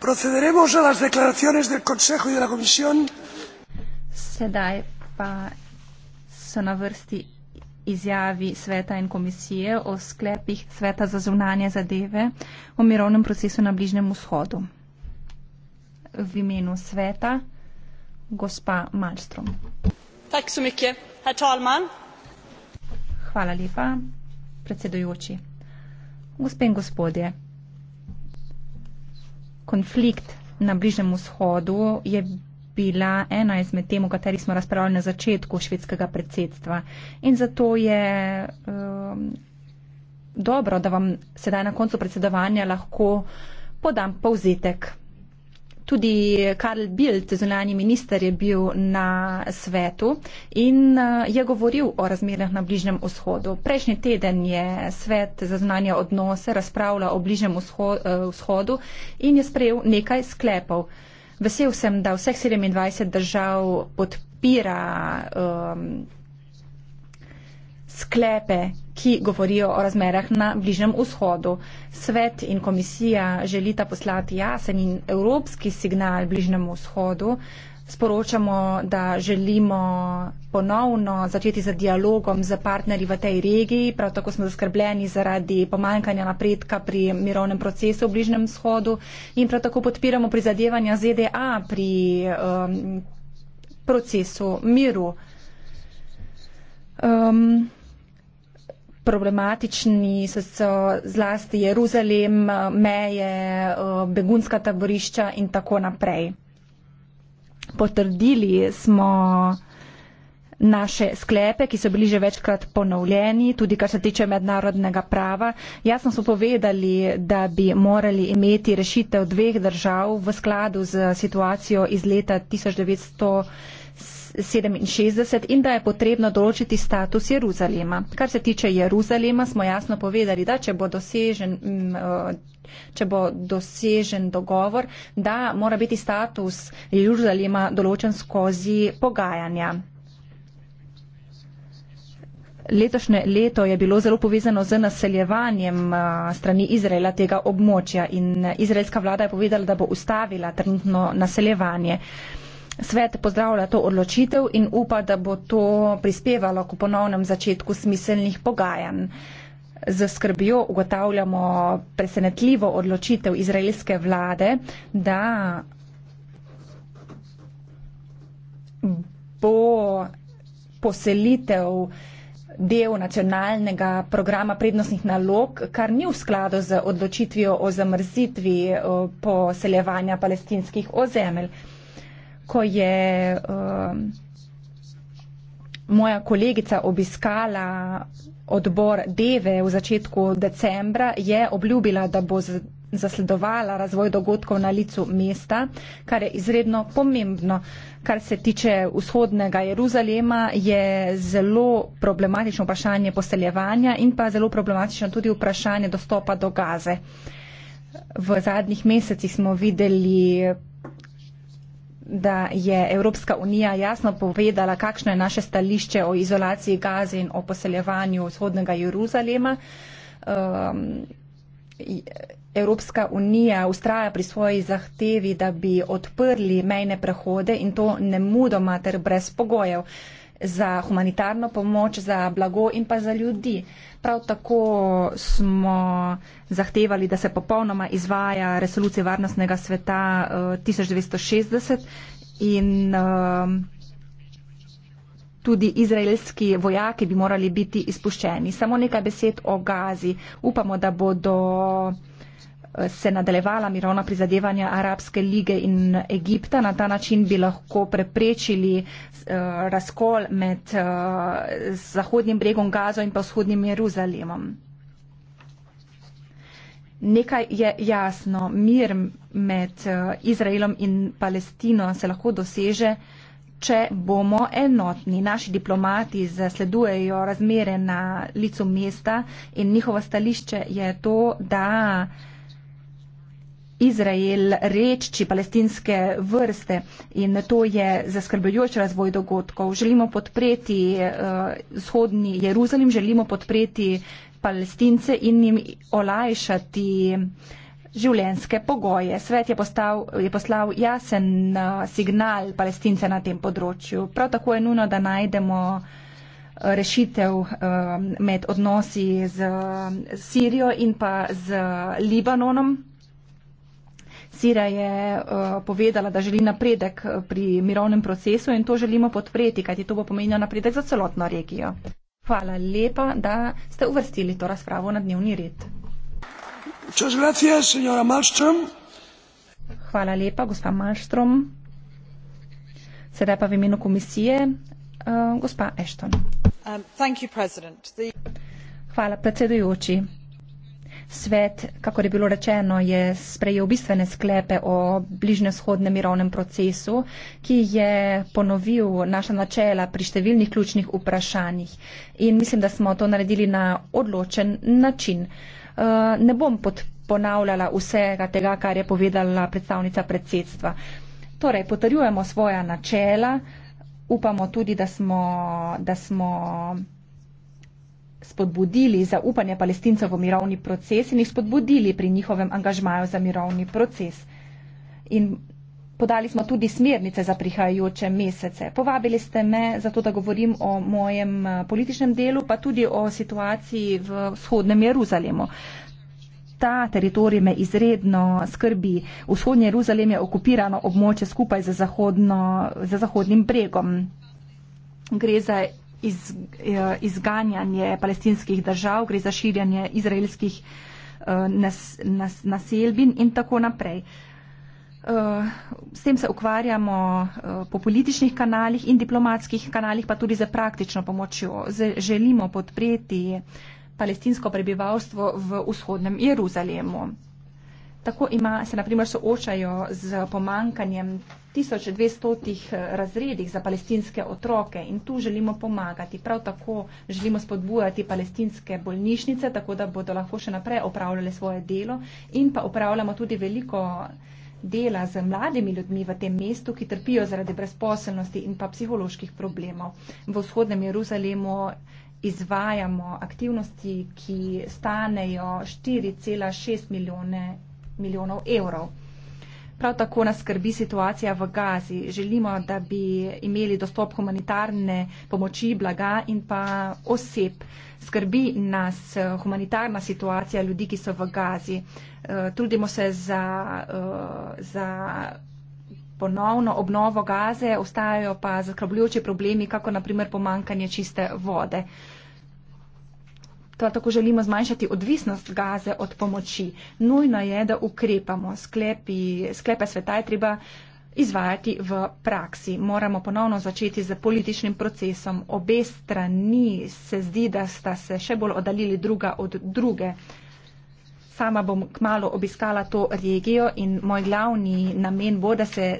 procederemos a las declaraciones del consejo y de la comisión sedaj pa so na vrsti izjavi sveta in komisije o sklepih sveta za zunanje zadeve o mirovnem procesu na bližnjem vzhodu v imenu sveta gospa Malmström tak so mi herr talman hvala lepa predsedujoči gospe in gospodje konflikt na Bližnem vzhodu je bila ena izmed tem, o kateri smo razpravljali na začetku švedskega predsedstva. In zato je um, dobro, da vam sedaj na koncu predsedovanja lahko podam povzetek Tudi Karl Bild, zunanji minister, je bil na svetu in eh, je govoril o razmerah na Bližnem vzhodu. Prejšnji teden je svet za zunanje odnose razpravljal o Bližnem eh, vzhodu in je sprejel nekaj sklepov. Vesel sem, da vseh 27 držav podpira um, sklepe, ki govorijo o razmerah na Bližnem vzhodu. Svet in komisija želita poslati jasen in evropski signal Bližnemu vzhodu. Sporočamo, da želimo ponovno začeti z za dialogom z partnerji v tej regiji. Prav tako smo zaskrbljeni zaradi pomankanja napredka pri mirovnem procesu v Bližnem vzhodu in prav tako podpiramo prizadevanja ZDA pri um, procesu miru. Um, problematični so, so zlasti Jeruzalem, meje, eh, begunska taborišča in tako naprej. Potrdili smo naše sklepe, ki so bili že večkrat ponovljeni, tudi kar se tiče mednarodnega prava. Jasno so povedali, da bi morali imeti rešitev dveh držav v skladu z situacijo iz leta 1900. 67 in da je potrebno določiti status Jeruzalema. Kar se tiče Jeruzalema, smo jasno povedali, da če bo dosežen. Mm, eh, Če bo dosežen dogovor, da mora biti status Jeruzalema določen skozi pogajanja. Letošnje leto je bilo zelo povezano z naseljevanjem eh, strani Izraela tega območja in izraelska vlada je povedala, da bo ustavila trenutno naseljevanje. Svet pozdravlja to odločitev in upa, da bo to prispevalo k ponovnem začetku smiselnih pogajanj. Z skrbjo ugotavljamo presenetljivo odločitev izraelske vlade, da bo poselitev del nacionalnega programa prednostnih nalog, kar ni v skladu z odločitvijo o zamrzitvi eh, poseljevanja palestinskih ozemelj ko je um, moja kolegica obiskala odbor Deve v začetku decembra, je obljubila, da bo zasledovala razvoj dogodkov na licu mesta, kar je izredno pomembno. Kar se tiče vzhodnega Jeruzalema, je zelo problematično vprašanje poseljevanja in pa zelo problematično tudi vprašanje dostopa do gaze. V zadnjih mesecih smo videli da je Evropska unija jasno povedala, kakšno je naše stališče o izolaciji Gaze in o poseljevanju vzhodnega Jeruzalema. Um, Evropska unija ustraja pri svoji zahtevi, da bi odprli mejne prehode in to ne mudoma ter brez pogojev. Uh, za humanitarno pomoč, za blago in pa za ljudi. Prav tako smo zahtevali, da se popolnoma izvaja resolucija Varnostnega sveta 1960 eh, in ehm, tudi izraelski vojaki bi morali biti izpuščeni. Samo nekaj besed o gazi. Upamo, da bodo se nadaljevala mirovna prizadevanja Arabske lige in Egipta. Na ta način bi lahko preprečili eh, razkol med eh, Zahodnim bregom Gazo in pa Vzhodnim Jeruzalemom. Nekaj je jasno, mir med eh, Izraelom in Palestino se lahko doseže, če bomo enotni. Naši diplomati zasledujejo razmere na licu mesta in njihovo stališče je to, da uh, Izrael, reči palestinske vrste in to je zaskrbljujoč razvoj dogodkov. Želimo podpreti uh, vzhodni Jeruzalem, želimo podpreti palestince in jim olajšati življenske pogoje. Svet je, postav, je poslal jasen uh, signal palestince na tem področju. Prav tako je nujno, da najdemo eh, rešitev uh, med odnosi z Sirijo in pa z Libanonom. Sira je uh, povedala, da želi napredek eh, pri mirovnem procesu in to želimo podpreti, kajti to bo pomenilo napredek za celotno regijo. Hvala lepa, da ste uvrstili to razpravo na dnevni red. Hvala lepa, gospa Malstrom. Sedaj pa v imenu komisije, uh, gospa Ashton. Um, the... Hvala predsedujoči. Svet, kako je bilo rečeno, je sprejel bistvene sklepe o bližnjevzhodnem mirovnem procesu, ki je ponovil naša načela pri številnih ključnih vprašanjih. In mislim, da smo to naredili na odločen način. Uh, ne bom ponavljala vsega tega, kar je povedala predstavnica predsedstva. Torej, potrjujemo svoja načela, upamo tudi, da smo. Da smo spodbudili zaupanje palestincev v mirovni proces in jih spodbudili pri njihovem angažmaju za mirovni proces. In podali smo tudi smernice za prihajajoče mesece. Povabili ste me zato, da govorim o mojem eh, političnem delu, pa tudi o situaciji v vzhodnem Jeruzalemu. Ta teritorij me izredno skrbi. Vzhodnji Jeruzalem je okupirano območje skupaj z, zahodno, z zahodnim bregom. Gre za iz, eh, izganjanje palestinskih držav, gre za širjanje izraelskih naselbin eh, nas, nas in tako naprej. Eh, s tem se ukvarjamo po političnih kanalih in diplomatskih kanalih, pa tudi za praktično pomočjo. Želimo podpreti palestinsko prebivalstvo v vzhodnem Jeruzalemu. Tako ima, se naprimer soočajo z pomankanjem 1200 eh, razredih za palestinske otroke in tu želimo pomagati. Prav tako želimo spodbujati palestinske bolnišnice, tako da bodo lahko še naprej opravljale svoje delo in pa upravljamo tudi veliko dela z mladimi ljudmi v tem mestu, ki trpijo zaradi brezposelnosti in pa psiholoških problemov. V vzhodnem Jeruzalemu izvajamo aktivnosti, ki stanejo 4,6 milijone milijonov evrov. Prav tako nas skrbi situacija v Gazi. Želimo, da bi imeli dostop humanitarne pomoči, blaga in pa oseb. Skrbi nas eh, humanitarna situacija ljudi, ki so v Gazi. Eh, trudimo se za, eh, za ponovno obnovo Gaze, ostajajo pa zaskrbljujoči problemi, kako naprimer pomankanje čiste vode prav tako želimo zmanjšati odvisnost gaze od pomoči. Nujno je, da ukrepamo. Sklepi, sklepe sveta je treba izvajati v praksi. Moramo ponovno začeti z političnim procesom. Obe strani se zdi, da sta se še bolj oddaljili druga od druge. Sama bom kmalo obiskala to regijo in moj glavni namen bo, da se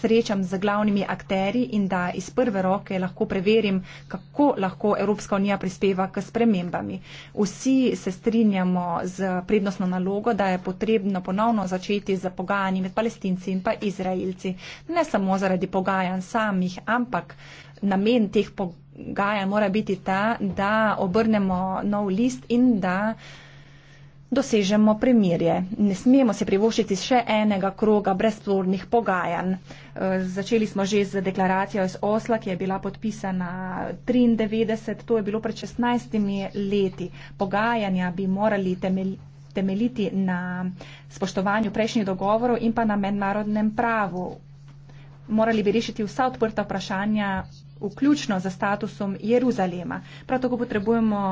srečam z glavnimi akteri in da iz prve roke lahko preverim, kako lahko Evropska unija prispeva k spremembami. Vsi se strinjamo z prednostno nalogo, da je potrebno ponovno začeti z pogajanji med palestinci in pa izraelci. Ne samo zaradi pogajanj samih, ampak namen teh pogajanj mora biti ta, da obrnemo nov list in da uh, dosežemo premirje. Ne smemo se privoščiti še enega kroga brezplodnih pogajanj. E, začeli smo že z deklaracijo iz Osla, ki je bila podpisana 93, to je bilo pred 16 leti. Pogajanja bi morali temeljiti na spoštovanju prejšnjih dogovorov in pa na mednarodnem pravu. Morali bi rešiti vsa odprta vprašanja vključno za statusom Jeruzalema. Prav tako potrebujemo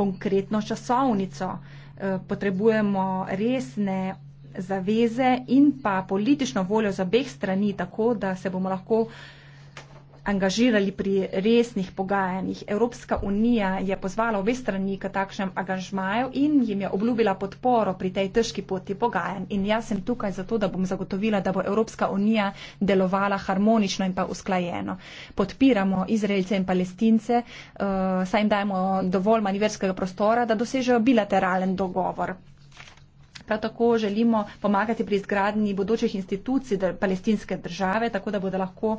konkretno časovnico, eh, potrebujemo resne zaveze in pa politično voljo za obeh strani, tako da se bomo lahko angažirali pri resnih pogajanjih. Evropska unija je pozvala obe strani k takšnem angažmaju in jim je obljubila podporo pri tej težki poti pogajanj. In jaz sem tukaj zato, da bom zagotovila, da bo Evropska unija delovala harmonično in pa usklajeno. Podpiramo Izraelce in Palestince, uh, saj jim dajemo dovolj manjverskega prostora, da dosežejo bilateralen dogovor. Prav tako želimo pomagati pri izgradnji bodočih institucij dr palestinske države, tako da bodo lahko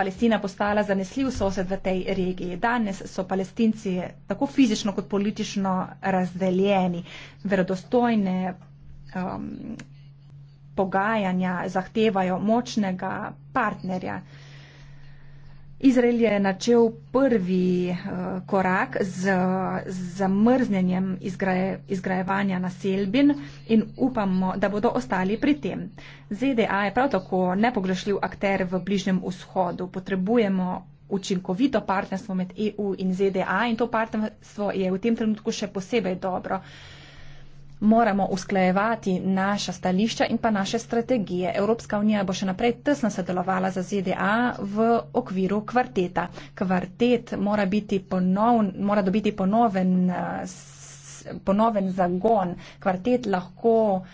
Palestina postala zanesljiv sosed v tej regiji. Danes so palestinci tako fizično kot politično razdeljeni. Verodostojne um, pogajanja zahtevajo močnega partnerja. Izrael je načel prvi eh, korak z zamrznjenjem izgrajevanja naselbin in upamo, da bodo ostali pri tem. ZDA je prav tako nepogrešljiv akter v bližnjem vzhodu. Potrebujemo učinkovito partnerstvo med EU in ZDA in to partnerstvo je v tem trenutku še posebej dobro moramo usklajevati naša stališča in pa naše strategije. Evropska unija bo še naprej tesno sodelovala za ZDA v okviru kvarteta. Kvartet mora, ponovn, mora dobiti ponoven, ponoven zagon. Kvartet lahko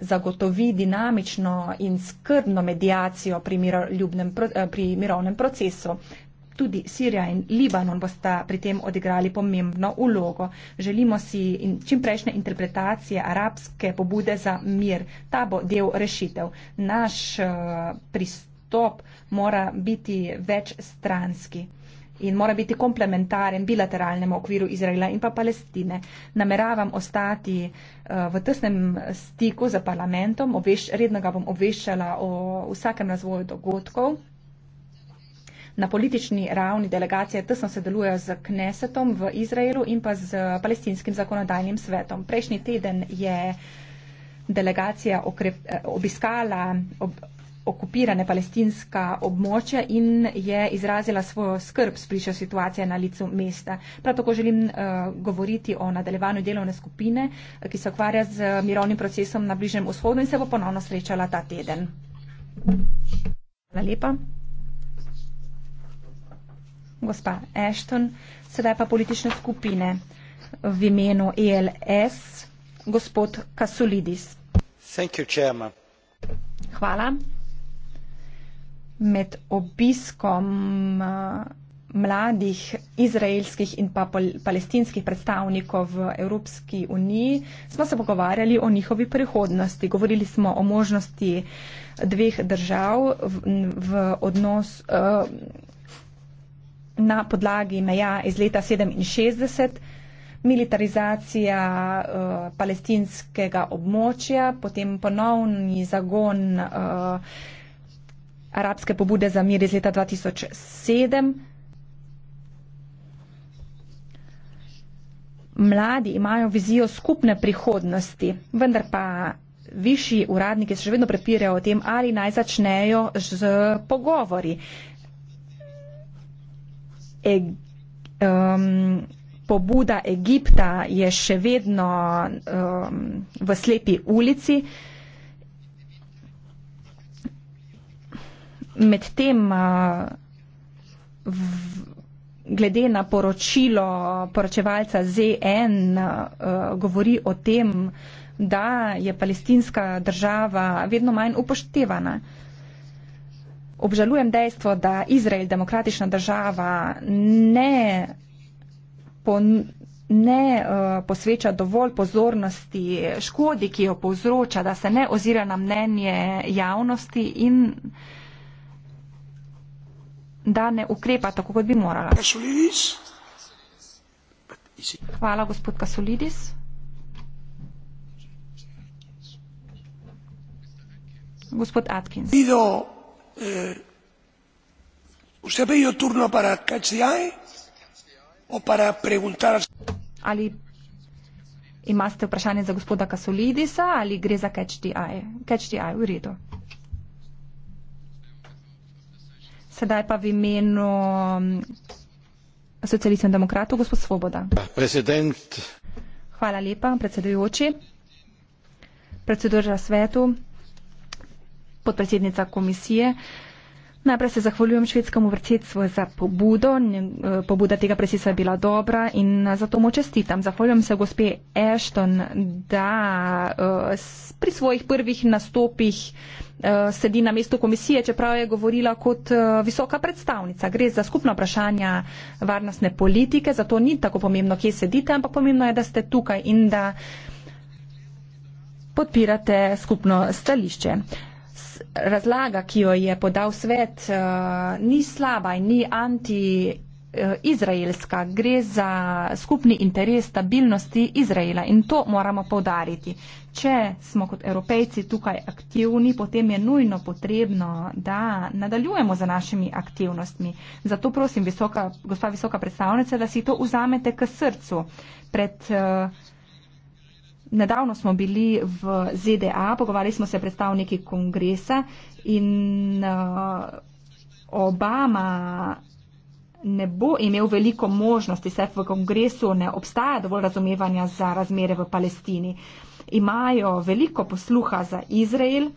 zagotovi dinamično in skrbno medijacijo pri, miro, ljubnem, eh, pri mirovnem procesu. Tudi Sirija in Libanon bosta pri tem odigrali pomembno ulogo. Želimo si čimprejšnje interpretacije arabske pobude za mir. Ta bo del rešitev. Naš eh, pristop mora biti večstranski in mora biti komplementaren bilateralnemu okviru Izraela in pa Palestine. Nameravam ostati eh, v tesnem stiku z parlamentom, obveš, redno ga bom obveščala o vsakem razvoju dogodkov na politični ravni delegacije tesno sodelujejo z Knesetom v Izraelu in pa z palestinskim zakonodajnim svetom. Prejšnji teden je delegacija okrep, obiskala ob, okupirane palestinska območja in je izrazila svojo skrb spričo situacije na licu mesta. Prav tako želim uh, govoriti o nadaljevanju delovne skupine, ki se ukvarja z mirovnim procesom na Bližnem vzhodu in se bo ponovno srečala ta teden. Hvala lepa gospa Ashton, sedaj pa politične skupine v imenu ELS, gospod Kasulidis. You, Hvala. Med obiskom eh, mladih izraelskih in pa palestinskih predstavnikov v Evropski uniji smo se pogovarjali o njihovi prihodnosti. Govorili smo o možnosti dveh držav v, v odnos. Uh, na podlagi meja iz leta 67, militarizacija uh, palestinskega območja, potem ponovni zagon uh, arabske pobude za mir iz leta 2007. Mladi imajo vizijo skupne prihodnosti, vendar pa višji uradniki se še vedno prepirajo o tem, ali naj začnejo z pogovori eg, um, pobuda Egipta je še vedno um, v slepi ulici. Medtem, glede na poročilo poročevalca ZN, govori o tem, da je palestinska država vedno manj upoštevana obžalujem dejstvo, da Izrael, demokratična država, ne, pon, ne uh, posveča dovolj pozornosti škodi, ki jo povzroča, da se ne ozira na mnenje javnosti in da ne ukrepa tako, kot bi morala. Hvala, gospod Kasolidis. Gospod Atkins. Eh, usted ha pedido turno para o para preguntar ali imate vprašanje za gospoda Kasolidisa ali gre za KCI KCI v redu Sedaj pa v imenu mm, socialistov in demokratov, gospod Svoboda. Hvala lepa, predsedujoči, predsedujoča svetu podpredsednica komisije. Najprej se zahvaljujem švedskemu vrcetstvu za pobudo. Eh, pobuda tega presisa je bila dobra in eh, zato mu čestitam. Zahvaljujem se gospe Ashton, da eh, pri svojih prvih nastopih sedi na mestu komisije, čeprav je govorila kot visoka predstavnica. Gre za skupno vprašanje varnostne politike, zato ni tako pomembno, kje sedite, ampak pomembno je, da ste tukaj in da podpirate skupno stališče razlaga, ki jo je podal svet, eh, ni slaba in ni anti-izraelska. Gre za skupni interes stabilnosti Izraela in to moramo povdariti. Če smo kot evropejci tukaj aktivni, potem je nujno potrebno, da nadaljujemo za našimi aktivnostmi. Zato prosim, visoka, gospa visoka predstavnica, da si to vzamete k srcu. Pred, uh, nedavno smo bili v ZDA, pogovarjali smo se predstavniki kongresa in uh, Obama ne bo imel veliko možnosti, saj v kongresu ne obstaja dovolj razumevanja za razmere v Palestini. Imajo veliko posluha za Izrael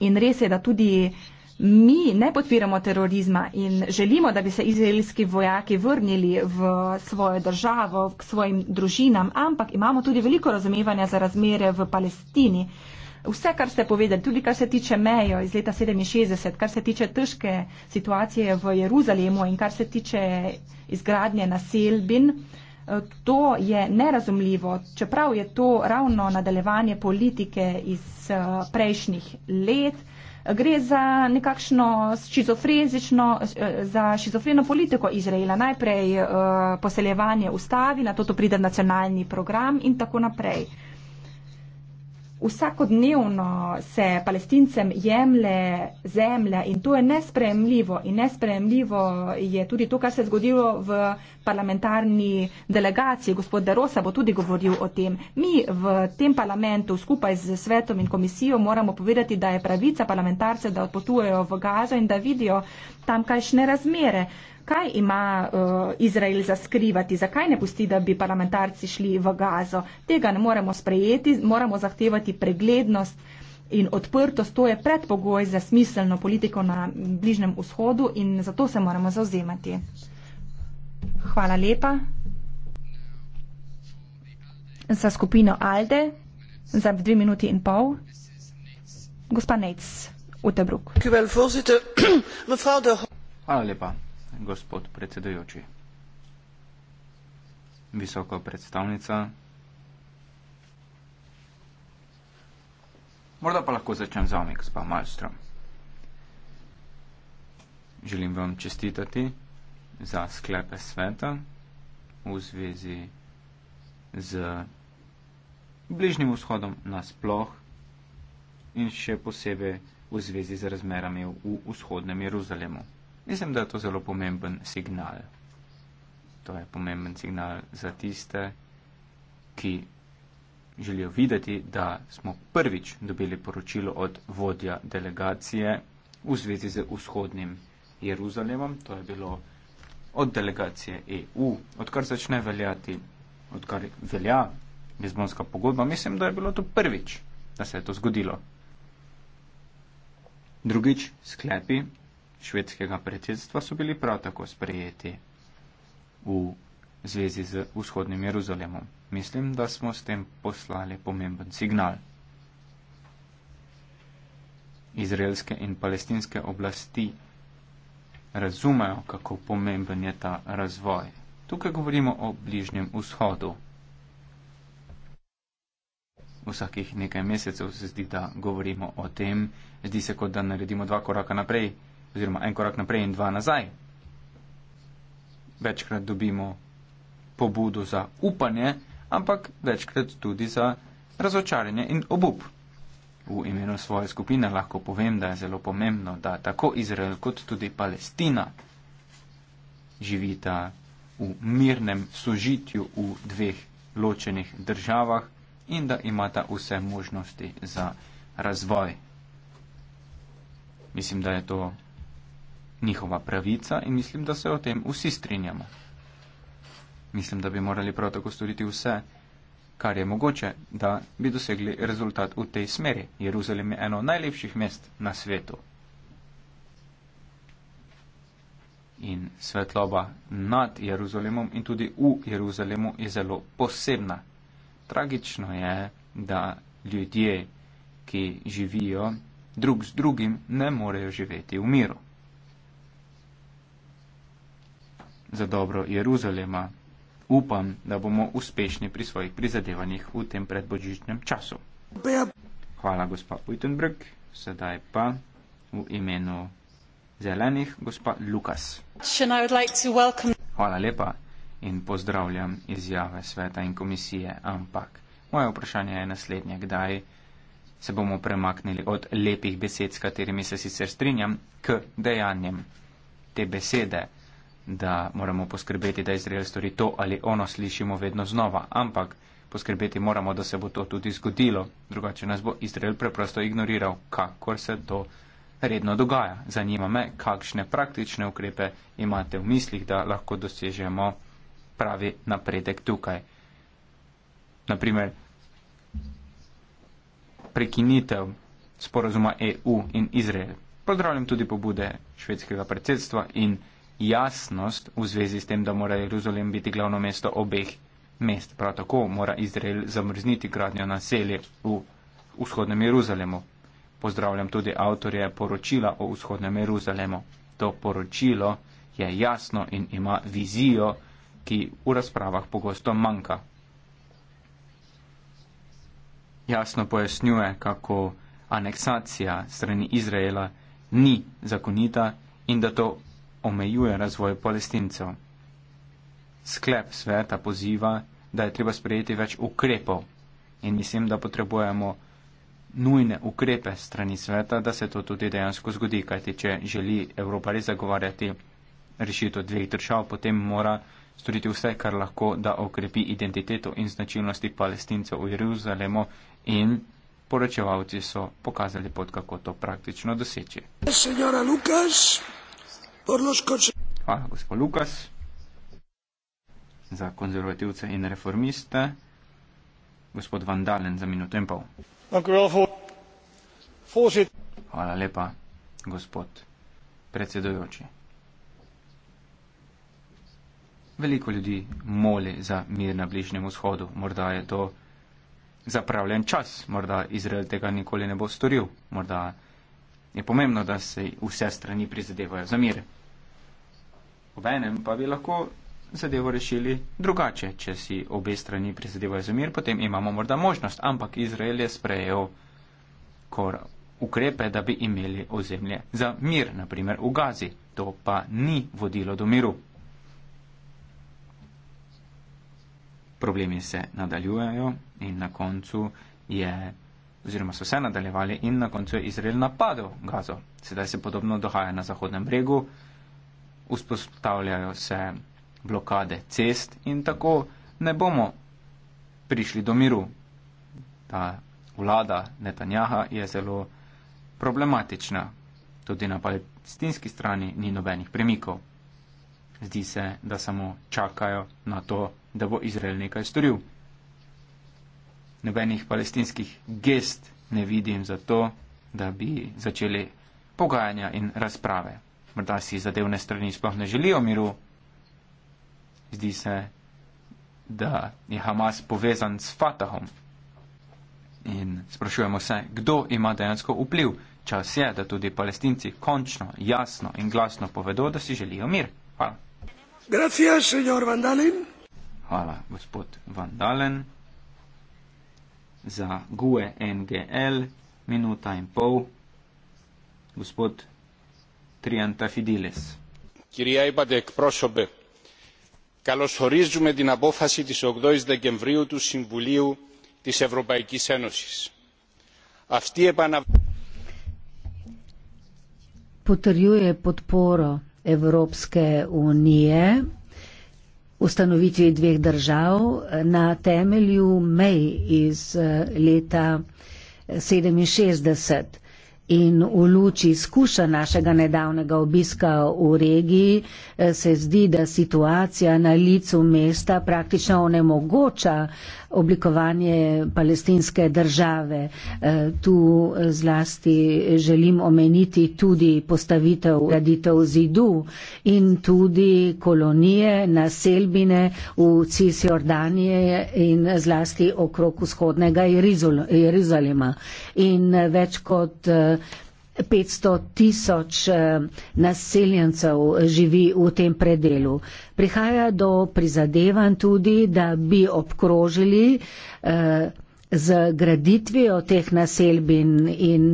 in res je, da tudi uh, mi ne podpiramo terorizma in želimo, da bi se izraelski vojaki vrnili v svojo državo, k svojim družinam, ampak imamo tudi veliko razumevanja za razmere v Palestini. Vse, kar ste povedali, tudi kar se tiče mejo iz leta 67, kar se tiče težke situacije v Jeruzalemu in kar se tiče izgradnje naselbin, to je nerazumljivo, čeprav je to ravno nadaljevanje politike iz eh, prejšnjih let gre za nekakšno šizofrenično, eh, za šizofreno politiko Izraela. Najprej eh, poseljevanje ustavi, na to pride nacionalni program in tako naprej vsakodnevno se palestincem jemlje zemlja in to je nespremljivo in nespremljivo je tudi to, kar se je zgodilo v parlamentarni delegaciji. Gospod Derosa bo tudi govoril o tem. Mi v tem parlamentu skupaj z svetom in komisijo moramo povedati, da je pravica parlamentarcev, da odpotujejo v Gazo in da vidijo tam kajšne razmere kaj ima uh, Izrael za skrivati, zakaj ne pusti, da bi parlamentarci šli v gazo. Tega ne moremo sprejeti, moramo zahtevati preglednost. In odprtost, to je predpogoj za smiselno politiko na Bližnjem vzhodu in za to se moramo zauzemati. Hvala lepa za skupino Alde za dve minuti in pol. Gospa Nec, Utebruk. Hvala lepa gospod predsedujoči. Visoko predstavnica. Morda pa lahko začnem z vami, gospa Malstrom. Želim vam čestitati za sklepe sveta v zvezi z bližnjim vzhodom nasploh in še posebej v zvezi z razmerami v vzhodnem Jeruzalemu. Mislim, da je to zelo pomemben signal. To je pomemben signal za tiste, ki želijo videti, da smo prvič dobili poročilo od vodja delegacije v zvezi z vzhodnim Jeruzalemom. To je bilo od delegacije EU, odkar začne veljati, odkar velja Lizbonska pogodba. Mislim, da je bilo to prvič, da se je to zgodilo. Drugič, sklepi švedskega predsedstva so bili prav tako sprejeti v zvezi z vzhodnim Jeruzalemom. Mislim, da smo s tem poslali pomemben signal. Izraelske in palestinske oblasti razumejo, kako pomemben je ta razvoj. Tukaj govorimo o bližnjem vzhodu. Vsakih nekaj mesecev se zdi, da govorimo o tem, zdi se, kot da naredimo dva koraka naprej oziroma en korak naprej in dva nazaj. Večkrat dobimo pobudo za upanje, ampak večkrat tudi za razočaranje in obup. V imenu svoje skupine lahko povem, da je zelo pomembno, da tako Izrael kot tudi Palestina živita v mirnem sožitju v dveh ločenih državah in da imata vse možnosti za razvoj. Mislim, da je to njihova pravica in mislim, da se o tem vsi strinjamo. Mislim, da bi morali prav tako storiti vse, kar je mogoče, da bi dosegli rezultat v tej smeri. Jeruzalem je eno najlepših mest na svetu. In svetloba nad Jeruzalemom in tudi v Jeruzalemu je zelo posebna. Tragično je, da ljudje, ki živijo drug z drugim, ne morejo živeti v miru. za dobro Jeruzalema. Upam, da bomo uspešni pri svojih prizadevanjih v tem predbožičnem času. Hvala, gospa Uitenbrg. Sedaj pa v imenu zelenih, gospa Lukas. Hvala lepa in pozdravljam izjave sveta in komisije, ampak moje vprašanje je naslednje, kdaj se bomo premaknili od lepih besed, s katerimi se sicer strinjam, k dejanjem te besede da moramo poskrbeti, da Izrael stori to ali ono, slišimo vedno znova, ampak poskrbeti moramo, da se bo to tudi zgodilo, drugače nas bo Izrael preprosto ignoriral, kakor se to redno dogaja. Zanima me, kakšne praktične ukrepe imate v mislih, da lahko dosežemo pravi napredek tukaj. Naprimer, prekinitev sporozuma EU in Izrael. Pozdravljam tudi pobude švedskega predsedstva in jasnost v zvezi s tem, da mora Jeruzalem biti glavno mesto obeh mest. Prav tako mora Izrael zamrzniti gradnjo naselje v vzhodnem Jeruzalemu. Pozdravljam tudi avtorje poročila o vzhodnem Jeruzalemu. To poročilo je jasno in ima vizijo, ki v razpravah pogosto manjka. Jasno pojasnjuje, kako aneksacija strani Izraela ni zakonita in da to omejuje razvoj palestincev. Sklep sveta poziva, da je treba sprejeti več ukrepov in mislim, da potrebujemo nujne ukrepe strani sveta, da se to tudi dejansko zgodi, kajti če želi Evropa res zagovarjati rešitev dveh držav, potem mora storiti vse, kar lahko, da okrepi identiteto in značilnosti palestincev v Jeruzalemu in poročevalci so pokazali pot, kako to praktično doseči. Por los coches. Hvala, gospod Lukas, za konzervativce in reformiste. Gospod Vandalen, za minuto in pol. Hvala lepa, gospod predsedujoči. Veliko ljudi moli za mir na Bližnjem vzhodu. Morda je to zapravljen čas, morda Izrael tega nikoli ne bo storil. Morda je pomembno, da se vse strani prizadevajo za mir obenem pa bi lahko zadevo rešili drugače. Če si obe strani prizadevajo za mir, potem imamo morda možnost, ampak Izrael je sprejel kor ukrepe, da bi imeli ozemlje za mir, naprimer v Gazi. To pa ni vodilo do miru. Problemi se nadaljujejo in na koncu je, oziroma so se nadaljevali in na koncu je Izrael napadel Gazo. Sedaj se podobno dohaja na Zahodnem bregu, vzpostavljajo se blokade cest in tako ne bomo prišli do miru. Ta vlada Netanjaha je zelo problematična. Tudi na palestinski strani ni nobenih premikov. Zdi se, da samo čakajo na to, da bo Izrael nekaj storil. Nobenih palestinskih gest ne vidim za to, da bi začeli pogajanja in razprave morda si zadevne strani sploh ne želijo miru. Zdi se, da je Hamas povezan s Fatahom. In sprašujemo se, kdo ima dejansko vpliv. Čas je, da tudi palestinci končno, jasno in glasno povedo, da si želijo mir. Hvala. Gracias, Van Hvala, gospod Vandalen. Za GUE NGL minuta in pol. Gospod triantafidides. κυρία ibadek πρόσωπε καλωσορίζουμε την απόφαση της 8ης Δεκεμβρίου του Συμβουλίου της Ευρωπαϊκής Ένωσης. Αυτή Potrjuje podporo Evropske unije ustanovitvi dveh držav na temelju mej iz eh, leta 1967. In v luči izkuša našega nedavnega obiska v regiji eh, se zdi, da situacija na licu mesta praktično onemogoča uh, oblikovanje palestinske države. E, tu e, zlasti želim omeniti tudi postavitev raditev zidu in tudi kolonije, naselbine v Cisjordanije in zlasti okrog vzhodnega Jeruzalema. In e, več kot 500 tisoč eh, naseljencev živi v tem predelu. Prihaja do prizadevanj tudi, da bi obkrožili eh, z graditvijo teh naselbin in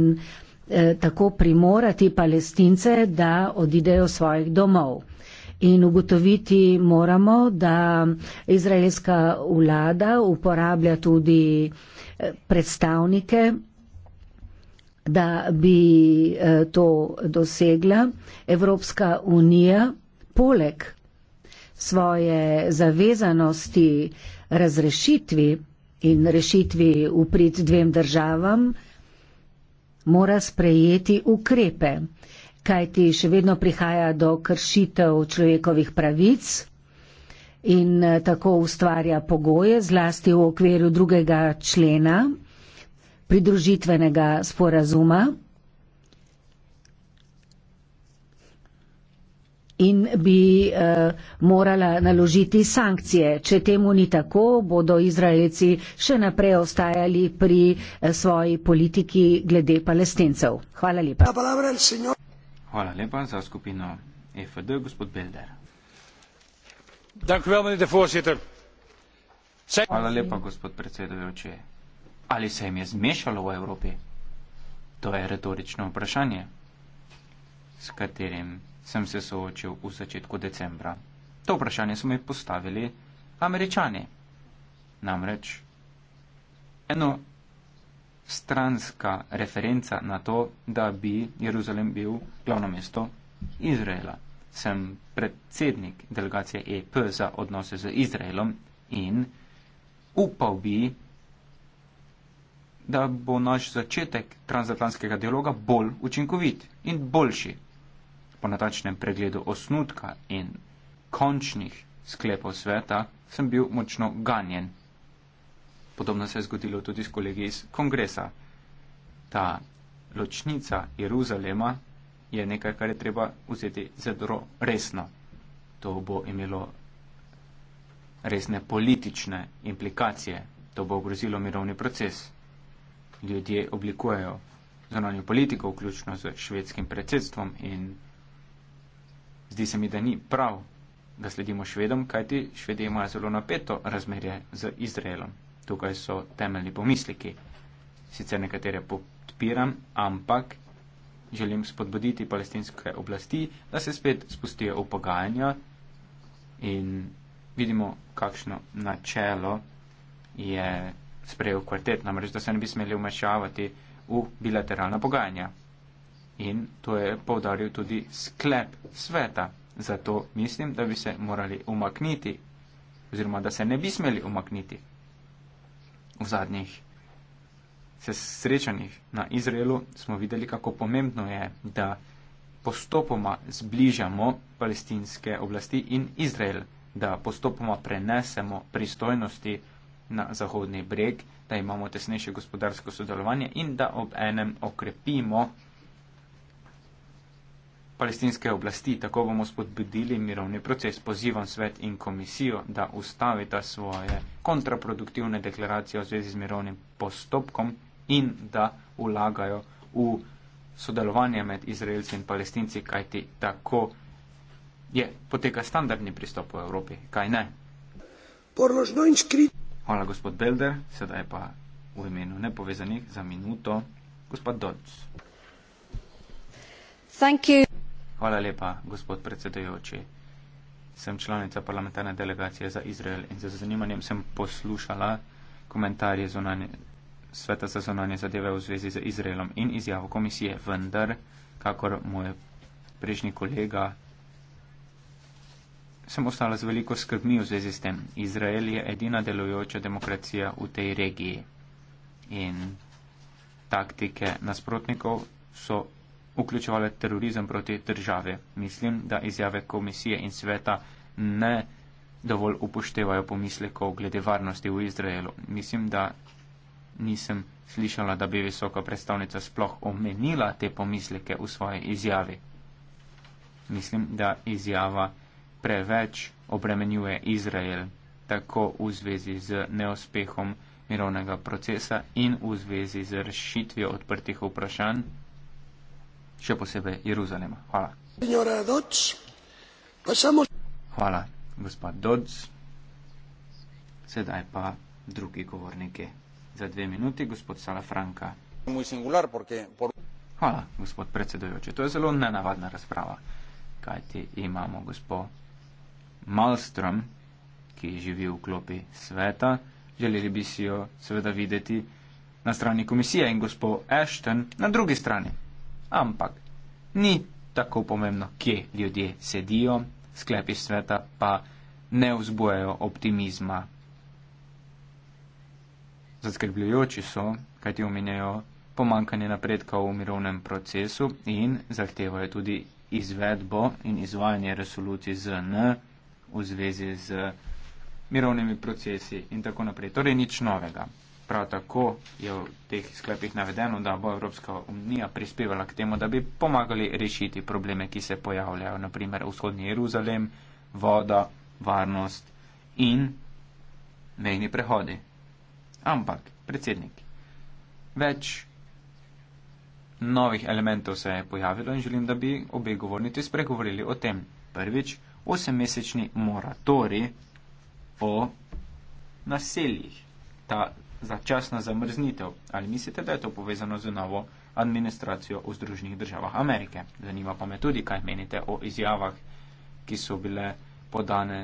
eh, tako primorati palestince, da odidejo svojih domov. In ugotoviti moramo, da izraelska vlada uporablja tudi predstavnike da bi eh, to dosegla Evropska unija poleg svoje zavezanosti razrešitvi in rešitvi v prid dvem državam, mora sprejeti ukrepe, kajti še vedno prihaja do kršitev človekovih pravic in eh, tako ustvarja pogoje zlasti v okviru drugega člena pridružitvenega sporazuma in bi eh, morala naložiti sankcije. Če temu ni tako, bodo Izraelci še naprej ostajali pri eh, svoji politiki glede palestincev. Hvala lepa. Hvala lepa za skupino e FD, gospod Belder. Hvala lepa, gospod predsedujoči ali se jim je zmešalo v Evropi? To je retorično vprašanje, s katerim sem se soočil v začetku decembra. To vprašanje so mi postavili američani. Namreč eno stranska referenca na to, da bi Jeruzalem bil glavno mesto Izraela. Sem predsednik delegacije EP za odnose z Izraelom in upal bi, da bo naš začetek transatlantskega dialoga bolj učinkovit in boljši. Po natačnem pregledu osnutka in končnih sklepov sveta sem bil močno ganjen. Podobno se je zgodilo tudi s kolegi iz kongresa. Ta ločnica Jeruzalema je nekaj, kar je treba vzeti zelo resno. To bo imelo resne politične implikacije, to bo ogrozilo mirovni proces ljudje oblikujejo zunanjo politiko, vključno z švedskim predsedstvom in zdi se mi, da ni prav, da sledimo švedom, kajti švedi imajo zelo napeto razmerje z Izraelom. Tukaj so temeljni pomisliki. Sicer nekatere podpiram, ampak želim spodbuditi palestinske oblasti, da se spet spustijo v pogajanja in vidimo, kakšno načelo je sprejel kvartet, namreč da se ne bi smeli vmešavati v bilateralna pogajanja. In to je povdaril tudi sklep sveta. Zato mislim, da bi se morali umakniti, oziroma da se ne bi smeli umakniti v zadnjih srečanjih na Izraelu, smo videli, kako pomembno je, da postopoma zbližamo palestinske oblasti in Izrael, da postopoma prenesemo pristojnosti na zahodni breg, da imamo tesnejše gospodarsko sodelovanje in da ob enem okrepimo palestinske oblasti, tako bomo spodbudili mirovni proces. Pozivam svet in komisijo, da ustavita svoje kontraproduktivne deklaracije v zvezi z mirovnim postopkom in da ulagajo v sodelovanje med Izraelci in palestinci, kajti tako je poteka standardni pristop v Evropi, kaj ne. Porložno in skrit. Hvala, gospod Belder. Sedaj pa v imenu nepovezanih za minuto, gospod Dodc. Hvala lepa, gospod predsedujoči. Sem članica parlamentarne delegacije za Izrael in za zanimanjem sem poslušala komentarje zunanje, Sveta za zonanje zadeve v zvezi z Izraelom in izjavo komisije, vendar, kakor moj prejšnji kolega sem ostala z veliko skrbmi v zvezi s tem. Izrael je edina delujoča demokracija v tej regiji in taktike nasprotnikov so vključevale terorizem proti državi. Mislim, da izjave komisije in sveta ne dovolj upoštevajo pomislekov glede varnosti v Izraelu. Mislim, da nisem slišala, da bi visoka predstavnica sploh omenila te pomisleke v svoji izjavi. Mislim, da izjava preveč obremenjuje Izrael, tako v zvezi z neuspehom mirovnega procesa in v zvezi z rešitvijo odprtih vprašanj, še posebej Jeruzalema. Hvala. Hvala, gospod Dodds. Sedaj pa drugi govornike za dve minuti, gospod Salafranka. Hvala, gospod predsedujoči. To je zelo nenavadna razprava, kajti imamo gospod Malmström, ki živi v klopi sveta, želeli bi si jo seveda videti na strani komisije in gospod Ashton na drugi strani. Ampak ni tako pomembno, kje ljudje sedijo, sklepi sveta pa ne vzbujajo optimizma. Zaskrbljujoči so, kajti omenjajo pomankanje napredka v mirovnem procesu in zahtevajo tudi izvedbo in izvajanje resolucij ZN v zvezi z mirovnimi procesi in tako naprej. Torej nič novega. Prav tako je v teh sklepih navedeno, da bo Evropska unija prispevala k temu, da bi pomagali rešiti probleme, ki se pojavljajo, naprimer vzhodni Jeruzalem, voda, varnost in mejni prehodi. Ampak, predsednik, več novih elementov se je pojavilo in želim, da bi obe govornici spregovorili o tem. Prvič, osemmesečni moratori o naseljih, ta začasna zamrznitev. Ali mislite, da je to povezano z novo administracijo v Združenih državah Amerike? Zanima pa me tudi, kaj menite o izjavah, ki so bile podane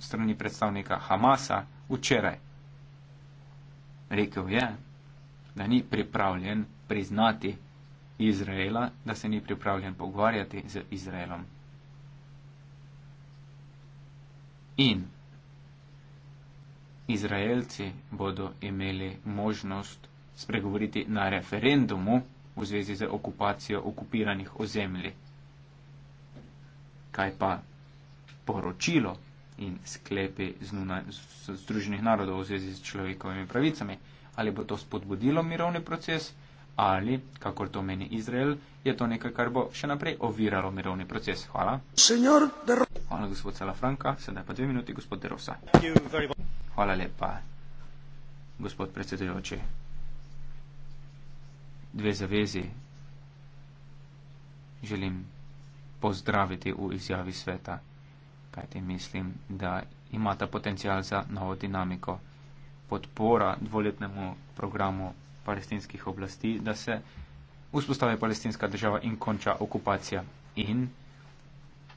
strani predstavnika Hamasa včeraj. Rekel je, da ni pripravljen priznati Izraela, da se ni pripravljen pogovarjati z Izraelom. in Izraelci bodo imeli možnost spregovoriti na referendumu v zvezi z okupacijo okupiranih ozemlji. Kaj pa poročilo in sklepi Združenih narodov v zvezi s človekovimi pravicami? Ali bo to spodbudilo mirovni proces ali, kakor to meni Izrael, je to nekaj, kar bo še naprej oviralo mirovni proces. Hvala. Hvala, gospod Salafranka. Sedaj pa dve minuti, gospod Derosa. Hvala lepa, gospod predsedujoči. Dve zavezi želim pozdraviti v izjavi sveta, kajti mislim, da imata potencial za novo dinamiko. Podpora dvoletnemu programu palestinskih oblasti, da se vzpostavi palestinska država in konča okupacija in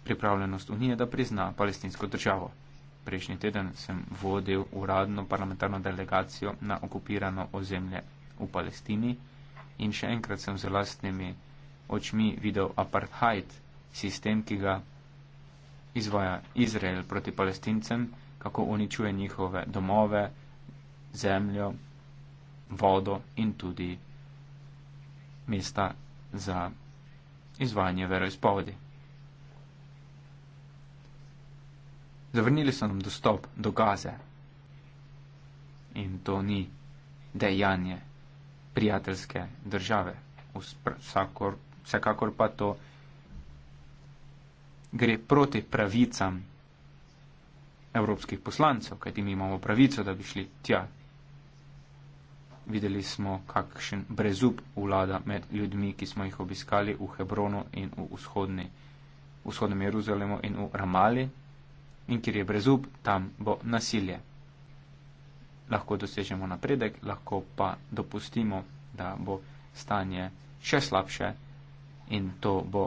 pripravljenost Unije, da prizna palestinsko državo. Prejšnji teden sem vodil uradno parlamentarno delegacijo na okupirano ozemlje v Palestini in še enkrat sem z lastnimi očmi videl apartheid, sistem, ki ga izvaja Izrael proti palestincem, kako uničuje njihove domove, zemljo, vodo in tudi mjesta za izvajanje veroizpovedi. Zavrnili so nam dostop do gaze in to ni dejanje prijateljske države. Vsakor, vsekakor pa to gre proti pravicam evropskih poslancev, kajti mi imamo pravico, da bi šli tja, videli smo, kakšen brezup vlada med ljudmi, ki smo jih obiskali v Hebronu in v vzhodni, vzhodnem Jeruzalemu in v Ramali. In kjer je brezup, tam bo nasilje. Lahko dosežemo napredek, lahko pa dopustimo, da bo stanje še slabše in to bo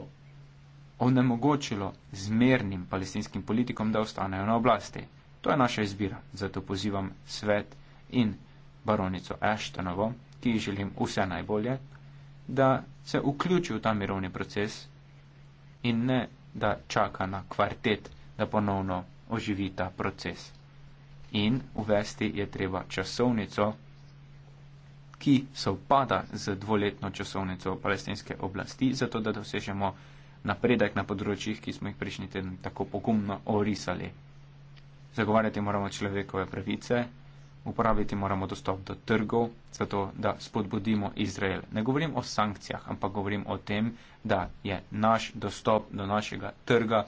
onemogočilo zmernim palestinskim politikom, da ostanejo na oblasti. To je naša izbira. Zato pozivam svet in baronico Ashtonovo, ki ji želim vse najbolje, da se vključi v ta mirovni proces in ne, da čaka na kvartet, da ponovno oživi ta proces. In uvesti je treba časovnico, ki se upada z dvoletno časovnico palestinske oblasti, zato da dosežemo napredek na področjih, ki smo jih prejšnji teden tako pogumno orisali. Zagovarjati moramo človekove pravice, uporabiti moramo dostop do trgov, zato da spodbudimo Izrael. Ne govorim o sankcijah, ampak govorim o tem, da je naš dostop do našega trga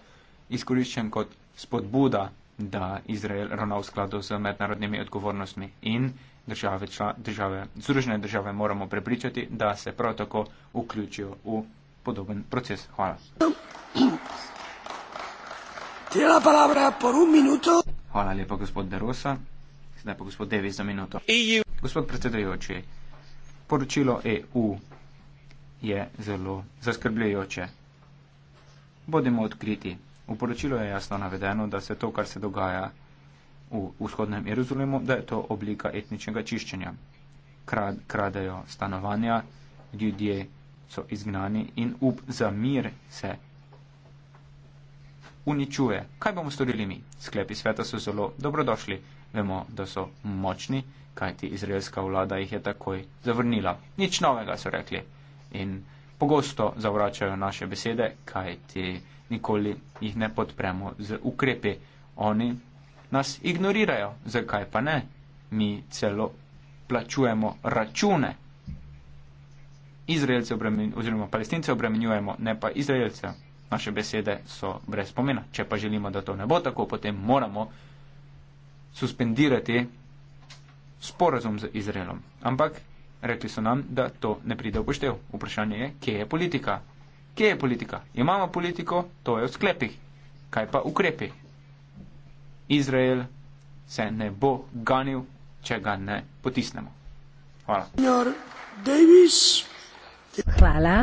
izkoriščen kot spodbuda, da Izrael ravna v skladu z mednarodnimi odgovornostmi in države, čla, države, združene države moramo prepričati, da se prav tako vključijo v podoben proces. Hvala. Hvala lepa, gospod Derosa. Zdaj pa gospod Devi za minuto. EU. Gospod predsedajoči, poročilo EU je zelo zaskrbljujoče. Bodimo odkriti. V poročilu je jasno navedeno, da se to, kar se dogaja v vzhodnem Jeruzalemu, da je to oblika etničnega čiščenja. Krad, kradejo stanovanja, ljudje so izgnani in up za mir se uničuje. Kaj bomo storili mi? Sklepi sveta so zelo dobrodošli. Vemo, da so močni, kajti izraelska vlada jih je takoj zavrnila. Nič novega so rekli in pogosto zavračajo naše besede, kajti nikoli jih ne podpremo z ukrepi. Oni nas ignorirajo, zakaj pa ne? Mi celo plačujemo račune. Izraelce oziroma palestince obremenjujemo, ne pa izraelce. Naše besede so brez pomena. Če pa želimo, da to ne bo tako, potem moramo suspendirati sporazum z Izraelom. Ampak rekli so nam, da to ne pride v poštev. Vprašanje je, kje je politika? Kje je politika? Imamo politiko, to je v sklepih. Kaj pa ukrepi? Izrael se ne bo ganil, če ga ne potisnemo. Hvala. Hvala.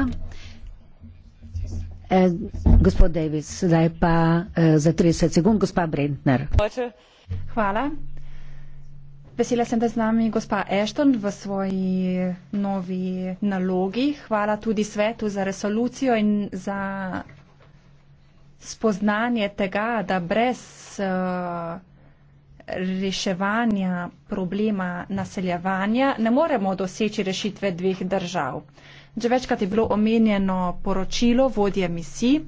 E, gospod Davis, zdaj pa e, za 30 sekund, gospa Brentner. Hvala. Vesela sem, da z nami gospa Ashton v svoji novi nalogi. Hvala tudi svetu za resolucijo in za spoznanje tega, da brez. Uh, reševanja problema naseljevanja ne moremo doseči rešitve dveh držav. Že večkrat je bilo omenjeno poročilo vodje misij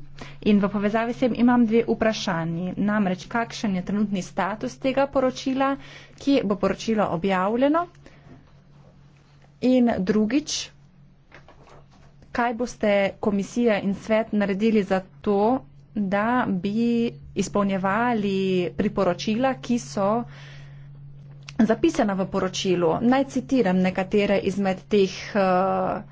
in v povezavi s tem imam dve vprašanji. Namreč, kakšen je trenutni status tega poročila, kje bo poročilo objavljeno in drugič, kaj boste komisija in svet naredili za to, da bi izpolnjevali priporočila, ki so zapisana v poročilu. Naj citiram nekatere izmed teh, uh,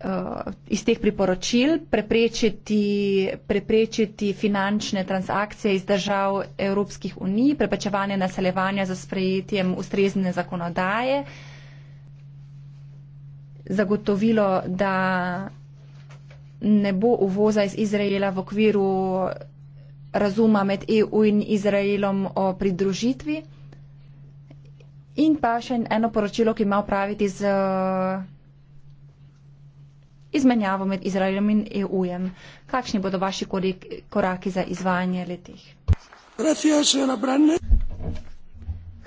uh, iz teh priporočil. Preprečiti, preprečiti finančne transakcije iz držav Evropskih unij, preprečevanje naseljevanja za sprejetjem ustrezne zakonodaje, zagotovilo, da ne bo uvoza iz Izraela v okviru razuma med EU in Izraelom o pridružitvi. In pa še eno poročilo, ki ima upraviti z eh, izmenjavo med Izraelom in EU-jem. Kakšni bodo vaši koraki za izvajanje letih?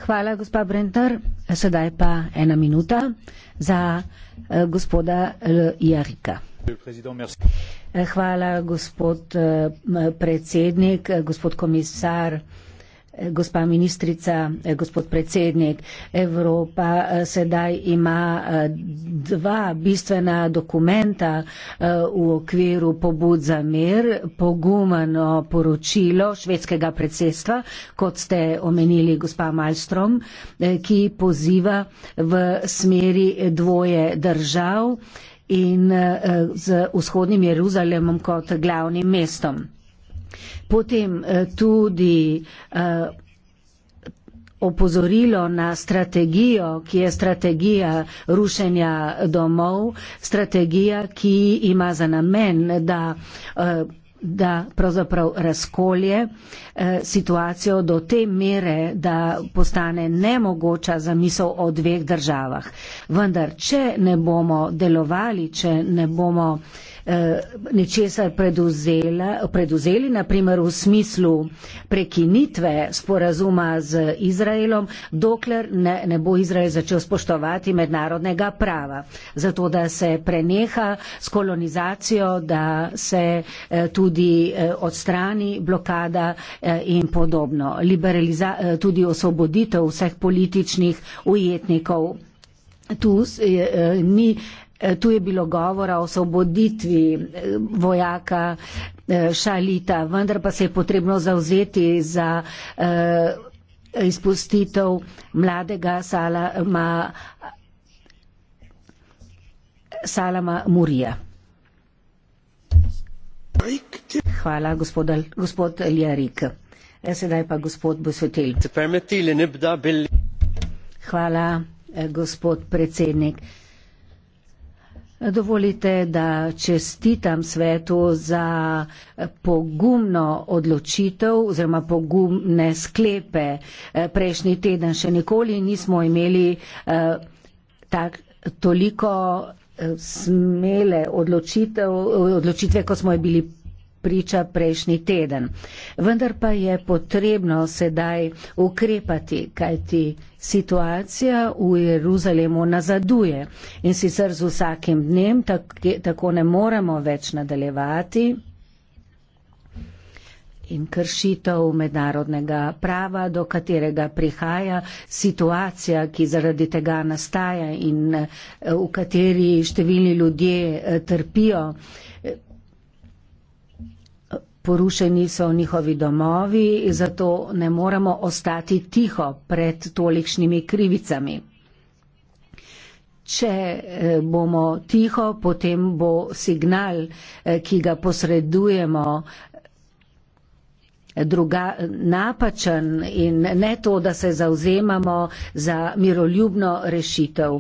Hvala, gospa Brentar. Sedaj pa ena minuta za eh, gospoda eh, Jarika. Hvala, gospod eh, predsednik, eh, gospod komisar. Eh, gospa ministrica, gospod predsednik, Evropa sedaj ima dva bistvena dokumenta v okviru pobud za mir, pogumano poročilo švedskega predsedstva, kot ste omenili, gospa Malstrom, ki poziva v smeri dvoje držav in eh, z vzhodnim Jeruzalemom kot glavnim mestom. Potem eh, tudi eh, opozorilo na strategijo, ki je strategija rušenja domov, strategija, ki ima za namen, da da pravzaprav razkolje eh, situacijo do te mere, da postane nemogoča zamisel o dveh državah. Vendar, če ne bomo delovali, če ne bomo eh, nečesar preduzeli, naprimer v smislu prekinitve sporazuma z Izraelom, dokler ne, ne bo Izrael začel spoštovati mednarodnega prava, zato da se preneha s kolonizacijo, da se eh, tudi tudi eh, odstrani blokada eh, in podobno. Liberaliza, eh, tudi osvoboditev vseh političnih ujetnikov. Tu je, ni, tu je bilo govora o osvoboditvi vojaka Šalita, vendar pa se je potrebno zauzeti za izpustitev mladega Salama, Salama Murija. Hvala, gospod, gospod Ljarik. E, sedaj pa gospod Bosvetil. Hvala, e, gospod predsednik. Dovolite, da čestitam svetu za e, pogumno odločitev oziroma pogumne sklepe. Prejšnji teden še nikoli nismo imeli tak, toliko smele odločitev, odločitve, ko smo je bili priča prejšnji teden. Vendar pa je potrebno sedaj ukrepati, kajti situacija v Jeruzalemu nazaduje in sicer z vsakim dnem tako ne moremo več nadaljevati in kršitev mednarodnega prava, do katerega prihaja situacija, ki zaradi tega nastaja in eh, v kateri številni ljudje eh, trpijo. Porušeni so njihovi domovi, zato ne moremo ostati tiho pred tolikšnimi krivicami. Če eh, bomo tiho, potem bo signal, ki ga posredujemo druga, napačen in ne to, da se zauzemamo za miroljubno rešitev.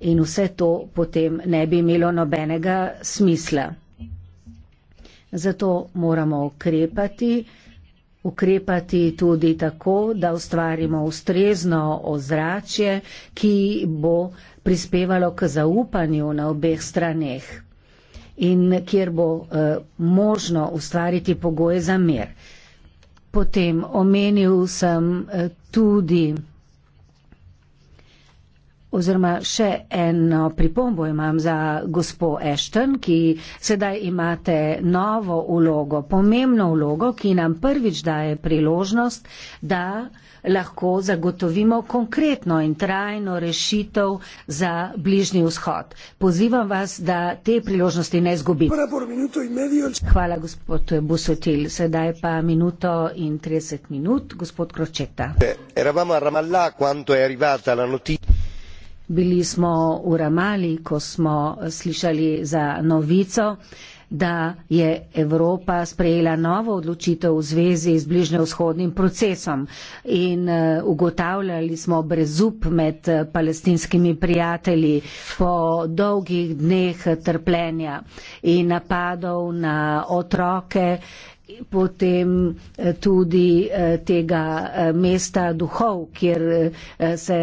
In vse to potem ne bi imelo nobenega smisla. Zato moramo ukrepati, ukrepati tudi tako, da ustvarimo ustrezno ozračje, ki bo prispevalo k zaupanju na obeh straneh in kjer bo eh, možno ustvariti pogoje za mir. Potem omenil sem eh, tudi Oziroma, še eno pripombo imam za gospo Ešten, ki sedaj imate novo ulogo, pomembno ulogo, ki nam prvič daje priložnost, da lahko zagotovimo konkretno in trajno rešitev za bližnji vzhod. Pozivam vas, da te priložnosti ne izgubite. Hvala, gospod Busotil. Sedaj pa minuto in 30 minut, gospod Kročeta. Bili smo v Ramali, ko smo slišali za novico, da je Evropa sprejela novo odločitev v zvezi z bližnjevzhodnim procesom in eh, ugotavljali smo brezup med eh, palestinskimi prijatelji po dolgih dneh trpljenja in napadov na otroke potem eh, tudi tega mesta duhov, kjer se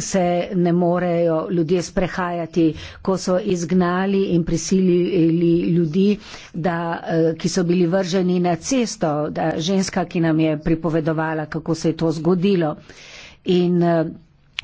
se ne morejo ljudje sprehajati, ko so izgnali in prisilili ljudi, da, eh, ki so bili vrženi na cesto, da ženska, ki nam je pripovedovala, kako se je to zgodilo. In, eh,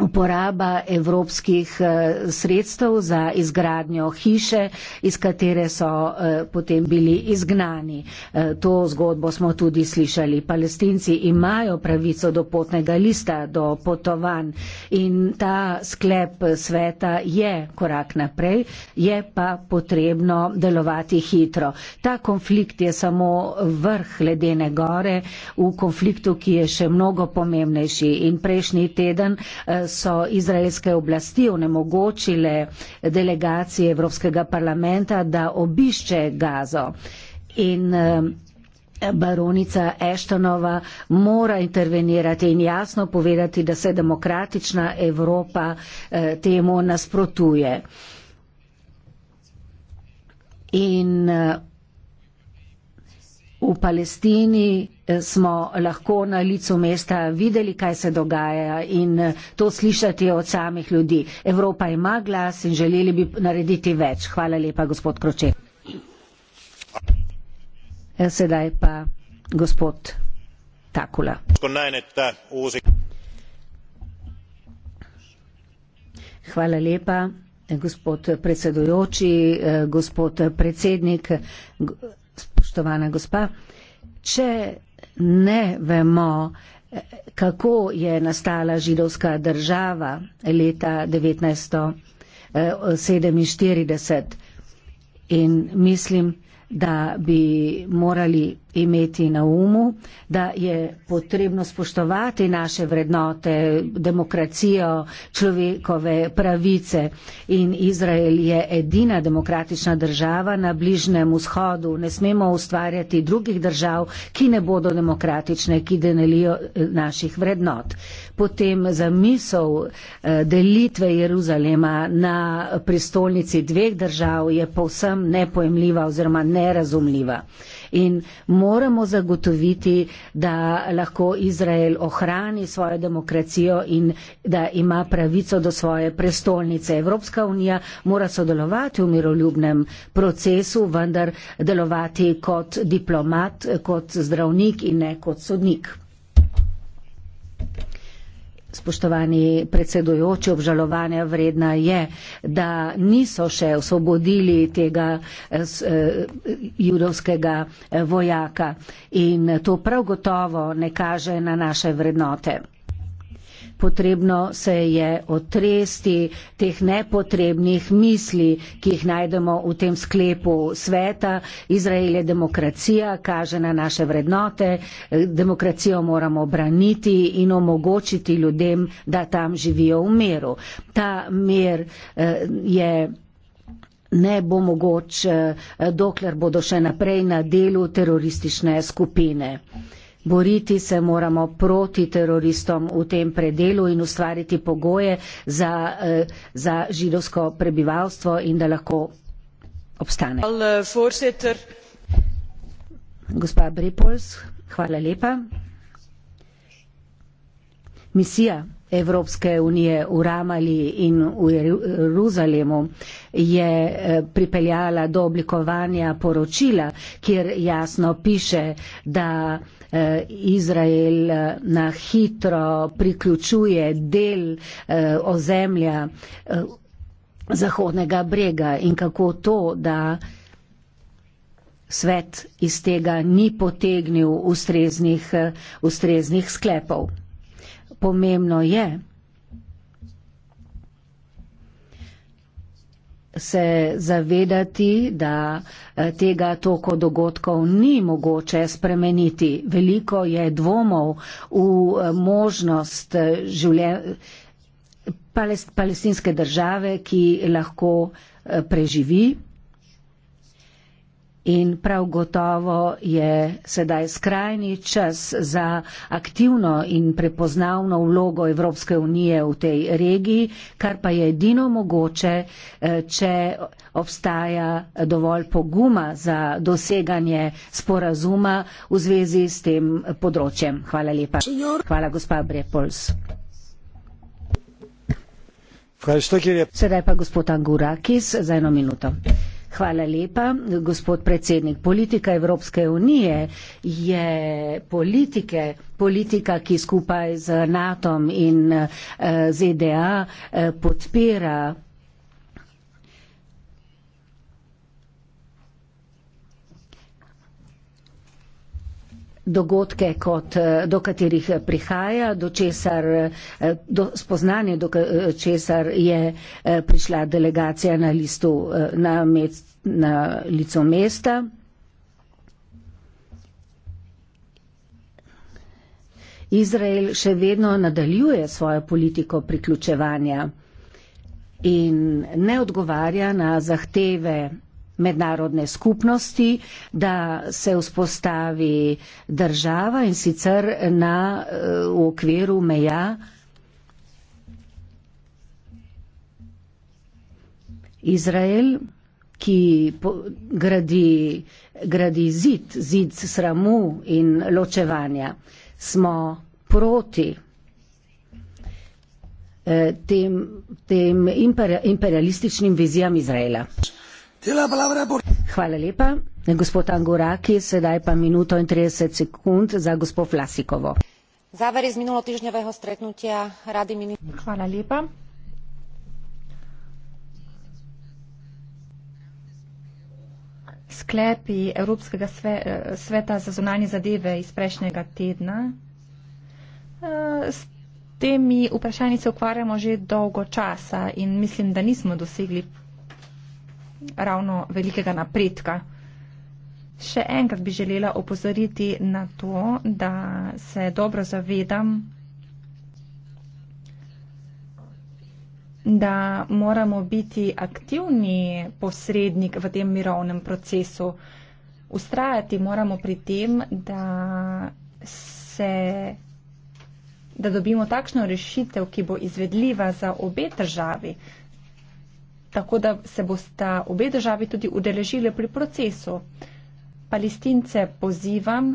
uporaba evropskih eh, sredstev za izgradnjo hiše, iz katere so eh, potem bili izgnani. Eh, to zgodbo smo tudi slišali. Palestinci imajo pravico do potnega lista, do potovanj in ta sklep sveta je korak naprej, je pa potrebno delovati hitro. Ta konflikt je samo vrh ledene gore v konfliktu, ki je še mnogo pomembnejši in prejšnji teden so izraelske oblasti onemogočile delegacije Evropskega parlamenta, da obišče Gazo. In eh, baronica Eštonova mora intervenirati in jasno povedati, da se demokratična Evropa eh, temu nasprotuje. In eh, V Palestini eh, smo lahko na licu mesta videli, kaj se dogaja in eh, to slišati od samih ljudi. Evropa ima glas in želeli bi narediti več. Hvala lepa, gospod Kroče. Eh, sedaj pa gospod Takula. Hvala lepa, gospod predsedujoči, gospod predsednik spoštovana gospa, če ne vemo, kako je nastala židovska država leta 1947 eh, in mislim, da bi morali imeti na umu, da je potrebno spoštovati naše vrednote, demokracijo, človekove pravice in Izrael je edina demokratična država na Bližnem vzhodu. Ne smemo ustvarjati drugih držav, ki ne bodo demokratične, ki denelijo eh, naših vrednot. Potem zamisel eh, delitve Jeruzalema na pristolnici dveh držav je povsem nepojemljiva oziroma nerazumljiva in moramo zagotoviti, da lahko Izrael ohrani svojo demokracijo in da ima pravico do svoje prestolnice. Evropska unija mora sodelovati v miroljubnem procesu, vendar delovati kot diplomat, kot zdravnik in ne kot sodnik. Spoštovani predsedujoči, obžalovanja vredna je, da niso še osvobodili tega eh, eh, judovskega eh, vojaka in to prav gotovo ne kaže na naše vrednote potrebno se je otresti teh nepotrebnih misli, ki jih najdemo v tem sklepu sveta. Izrael je demokracija, kaže na naše vrednote, demokracijo moramo obraniti in omogočiti ljudem, da tam živijo v miru. Ta mir eh, je ne bo mogoč, eh, dokler bodo še naprej na delu teroristične skupine. Boriti se moramo proti teroristom v tem predelu in ustvariti pogoje za, eh, za židovsko prebivalstvo in da lahko obstane. Gospa Bripols, hvala lepa. Misija. Evropske unije v Ramali in v Jeruzalemu je eh, pripeljala do oblikovanja poročila, kjer jasno piše, da eh, Izrael eh, na hitro priključuje del ozemlja Zahodnega brega in kako to, da svet iz tega ni potegnil ustreznih, ustreznih sklepov pomembno je, se zavedati, da eh, tega toko dogodkov ni mogoče spremeniti. Veliko je dvomov v eh, možnost eh, palestinske države, ki lahko preživi In prav gotovo je sedaj skrajni čas za aktivno in prepoznavno vlogo Evropske unije v tej regiji, kar pa je edino mogoče, eh, če obstaja dovolj poguma za doseganje sporazuma v zvezi s tem področjem. Hvala lepa. Hvala, gospa Brepols. Sedaj pa gospod Angurakis za eno minuto. Hvala lepa, gospod predsednik. Politika Evropske unije je politike, politika, ki skupaj z NATO in eh, ZDA eh, podpira dogodke, kot, eh, do katerih eh, prihaja, do česar, eh, do spoznanja, do česar je prišla delegacija na, listu, na, mest, na lico mesta. Izrael še vedno nadaljuje svojo politiko priključevanja in ne odgovarja na zahteve mednarodne skupnosti, da se vzpostavi država in sicer na, eh, v okviru meja Izrael, ki gradi, gradi zid, zid sramu in ločevanja. Smo proti eh, tem, tem imperialističnim vizijam Izraela. Hvala lepa. Gospod Angoraki, sedaj pa minuto in 30 sekund za gospo Flasikovo. Záver iz minulo týždňového stretnutia Rady ministrov. Hvala lepa. Sklepi Evropskega sveta za zonalne zadeve iz prejšnjega tedna. Eh, s temi vprašanji se ukvarjamo že dolgo časa in mislim, da nismo dosegli ravno velikega napredka. Še enkrat bi želela opozoriti na to, da se dobro zavedam, da moramo biti aktivni posrednik v tem mirovnem procesu. Ustrajati moramo pri tem, da, se, da dobimo takšno rešitev, ki bo izvedljiva za obe državi, tako da se bosta obe državi tudi udeležile pri procesu. Palestince pozivam,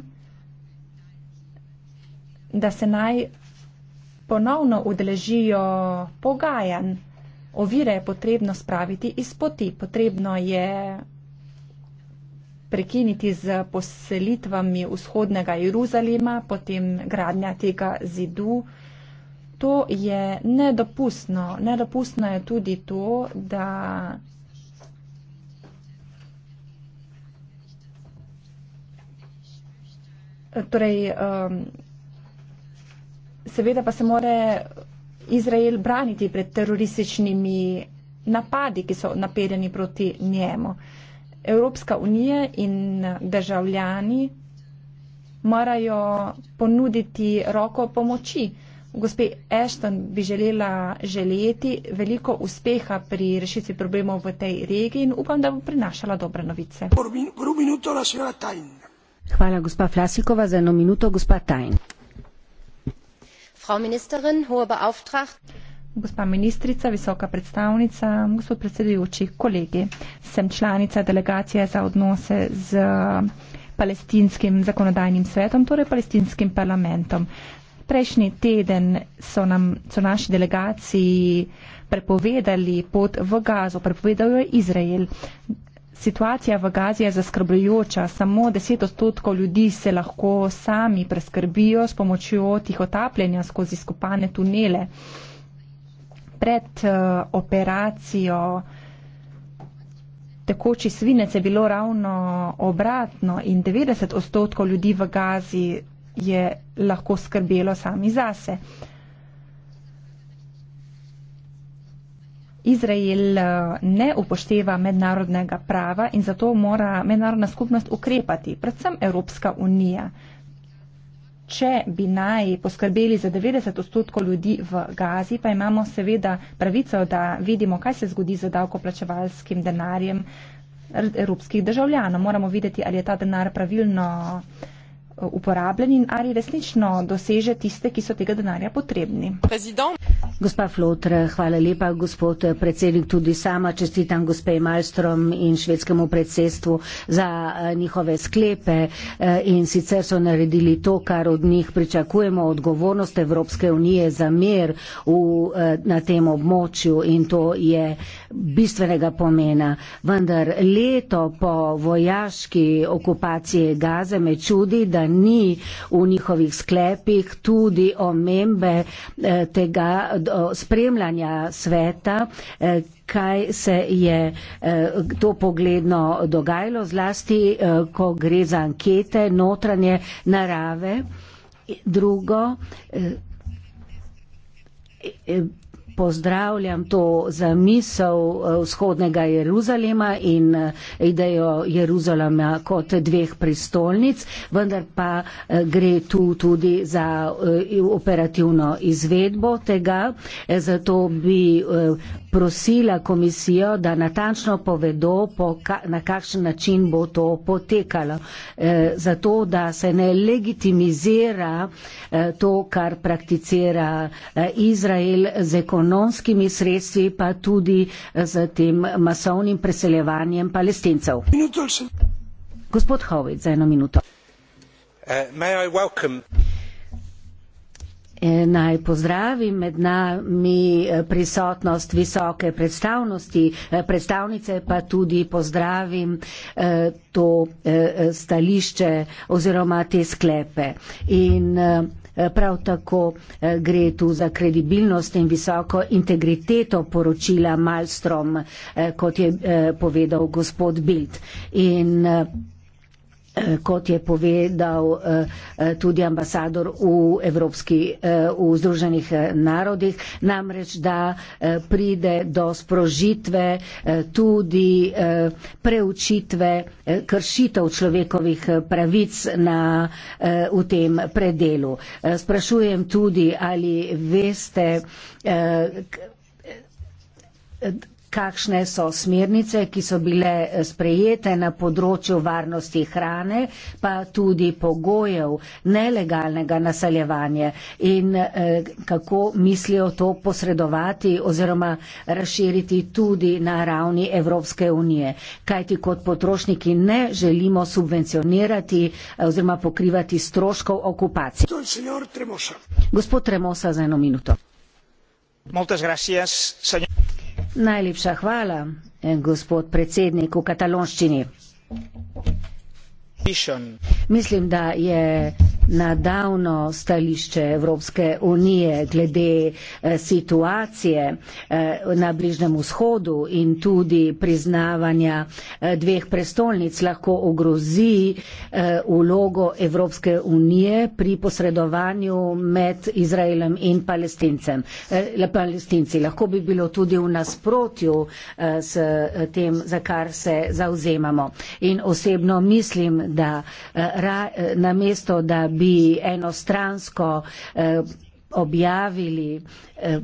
da se naj ponovno udeležijo pogajanj. Ovire je potrebno spraviti iz poti. Potrebno je prekiniti z poselitvami vzhodnega Jeruzalema, potem gradnja tega zidu to je nedopustno. Nedopustno je tudi to, da torej, um, seveda pa se more Izrael braniti pred terorističnimi napadi, ki so napedeni proti njemu. Evropska unija in državljani morajo ponuditi roko pomoči. Uh, Gospe Ashton bi želela želeti veliko uspeha pri rešitvi problemov v tej regiji in upam, da bo prinašala dobre novice. Hvala, gospa Flasikova, za eno minuto, gospa Tajn. Gospa ministrica, visoka predstavnica, gospod predsedujoči, kolegi, sem članica delegacije za odnose z palestinskim zakonodajnim svetom, torej palestinskim parlamentom prejšnji teden so, nam, so naši delegaciji prepovedali pot v Gazo, prepovedal jo Izrael. Situacija v Gazi je zaskrbljujoča. Samo 10 odstotkov ljudi se lahko sami preskrbijo s pomočjo tihotapljenja skozi skupane tunele. Pred uh, operacijo tekoči svinec je bilo ravno obratno in 90 odstotkov ljudi v Gazi je lahko skrbelo sami zase. Izrael eh, ne upošteva mednarodnega prava in zato mora mednarodna skupnost ukrepati, predvsem Evropska unija. Če bi naj poskrbeli za 90 odstotkov ljudi v Gazi, pa imamo seveda pravico, da vidimo, kaj se zgodi z davkoplačevalskim denarjem evropskih državljanov. Moramo videti, ali je ta denar pravilno uporabljeni in ali resnično doseže tiste, ki so tega denarja potrebni. President. Gospa Flotr, hvala lepa, gospod eh, predsednik, tudi sama čestitam gospe Malstrom in švedskemu predsedstvu za eh, njihove sklepe eh, in sicer so naredili to, kar od njih pričakujemo, odgovornost Evropske unije za mir v, na tem območju in to je bistvenega pomena. Vendar leto po vojaški okupaciji Gaze me čudi, da ni v njihovih sklepih, tudi omembe eh, tega spremljanja sveta eh, kaj se je eh, to pogledno dogajalo, zlasti ko gre za ankete notranje narave. Drugo, pozdravljam to zamisel eh, vzhodnega Jeruzalema in eh, idejo Jeruzalema kot dveh pristolnic, vendar pa eh, gre tu tudi za operativno izvedbo tega. Zato bi prosila komisijo, da natančno povedo, po ka, na kakšen način bo to potekalo. E, zato, da se ne legitimizira e, to, kar prakticira e, Izrael z ekonomskimi sredstvi, pa tudi z tem masovnim preseljevanjem palestincev. Gospod Hovic, za eno minuto. Uh, Naj pozdravim med nami eh, prisotnost visoke predstavnosti, eh, predstavnice pa tudi pozdravim eh, to stališče oziroma te sklepe. In prav tako gre tu za kredibilnost in visoko integriteto poročila Malstrom, kot je povedal gospod Bild. In Eh, kot je povedal eh, eh, tudi ambasador v, Evropski, v Združenih narodih, namreč da pride do sprožitve tudi preučitve kršitev človekovih pravic na, v tem predelu. Sprašujem tudi, ali veste, kakšne so smernice, ki so bile eh, sprejete na področju varnosti hrane, pa tudi pogojev nelegalnega naseljevanja in eh, kako mislijo to posredovati oziroma razširiti tudi na ravni Evropske unije. Kajti kot potrošniki ne želimo subvencionirati eh, oziroma pokrivati stroškov okupacije. Gospod Tremosa, za eno minuto. Moltes gracias, señor. Najlepša hvala, gospod predsednik v katalonščini. Mislim, da je na davno stališče Evropske unije glede eh, situacije eh, na Bližnem vzhodu in tudi priznavanja eh, dveh prestolnic lahko ogrozi ulogo Evropske unije pri posredovanju med Izraelem in Palestincem. Palestinci lahko bi bilo tudi v nasprotju s tem, za kar se zauzemamo. In osebno mislim, da ra, na mesto, da bi bi enostransko eh, objavili eh,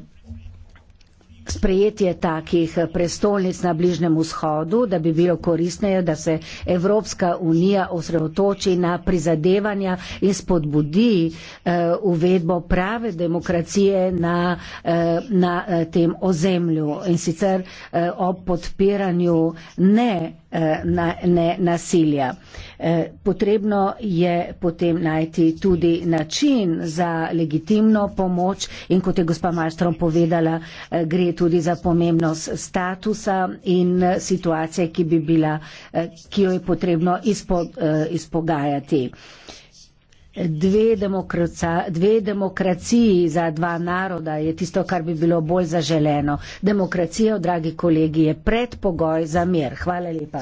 sprejetje takih prestolnic na Bližnem vzhodu, da bi bilo koristneje, da se Evropska unija osredotoči na prizadevanja in spodbudi eh, uvedbo prave demokracije na, eh, na eh, tem ozemlju in sicer eh, ob podpiranju ne, eh, na, ne nasilja. Eh, Eh, potrebno je potem najti tudi način za legitimno pomoč in kot je gospa Malstrom povedala, eh, gre tudi za pomembnost statusa in eh, situacije, ki, bi bila, ki jo je potrebno izpo, izpogajati. Dve, dve demokraciji za dva naroda je tisto, kar bi bilo bolj zaželeno. Demokracija, dragi kolegi, je predpogoj za mir. Hvala lepa.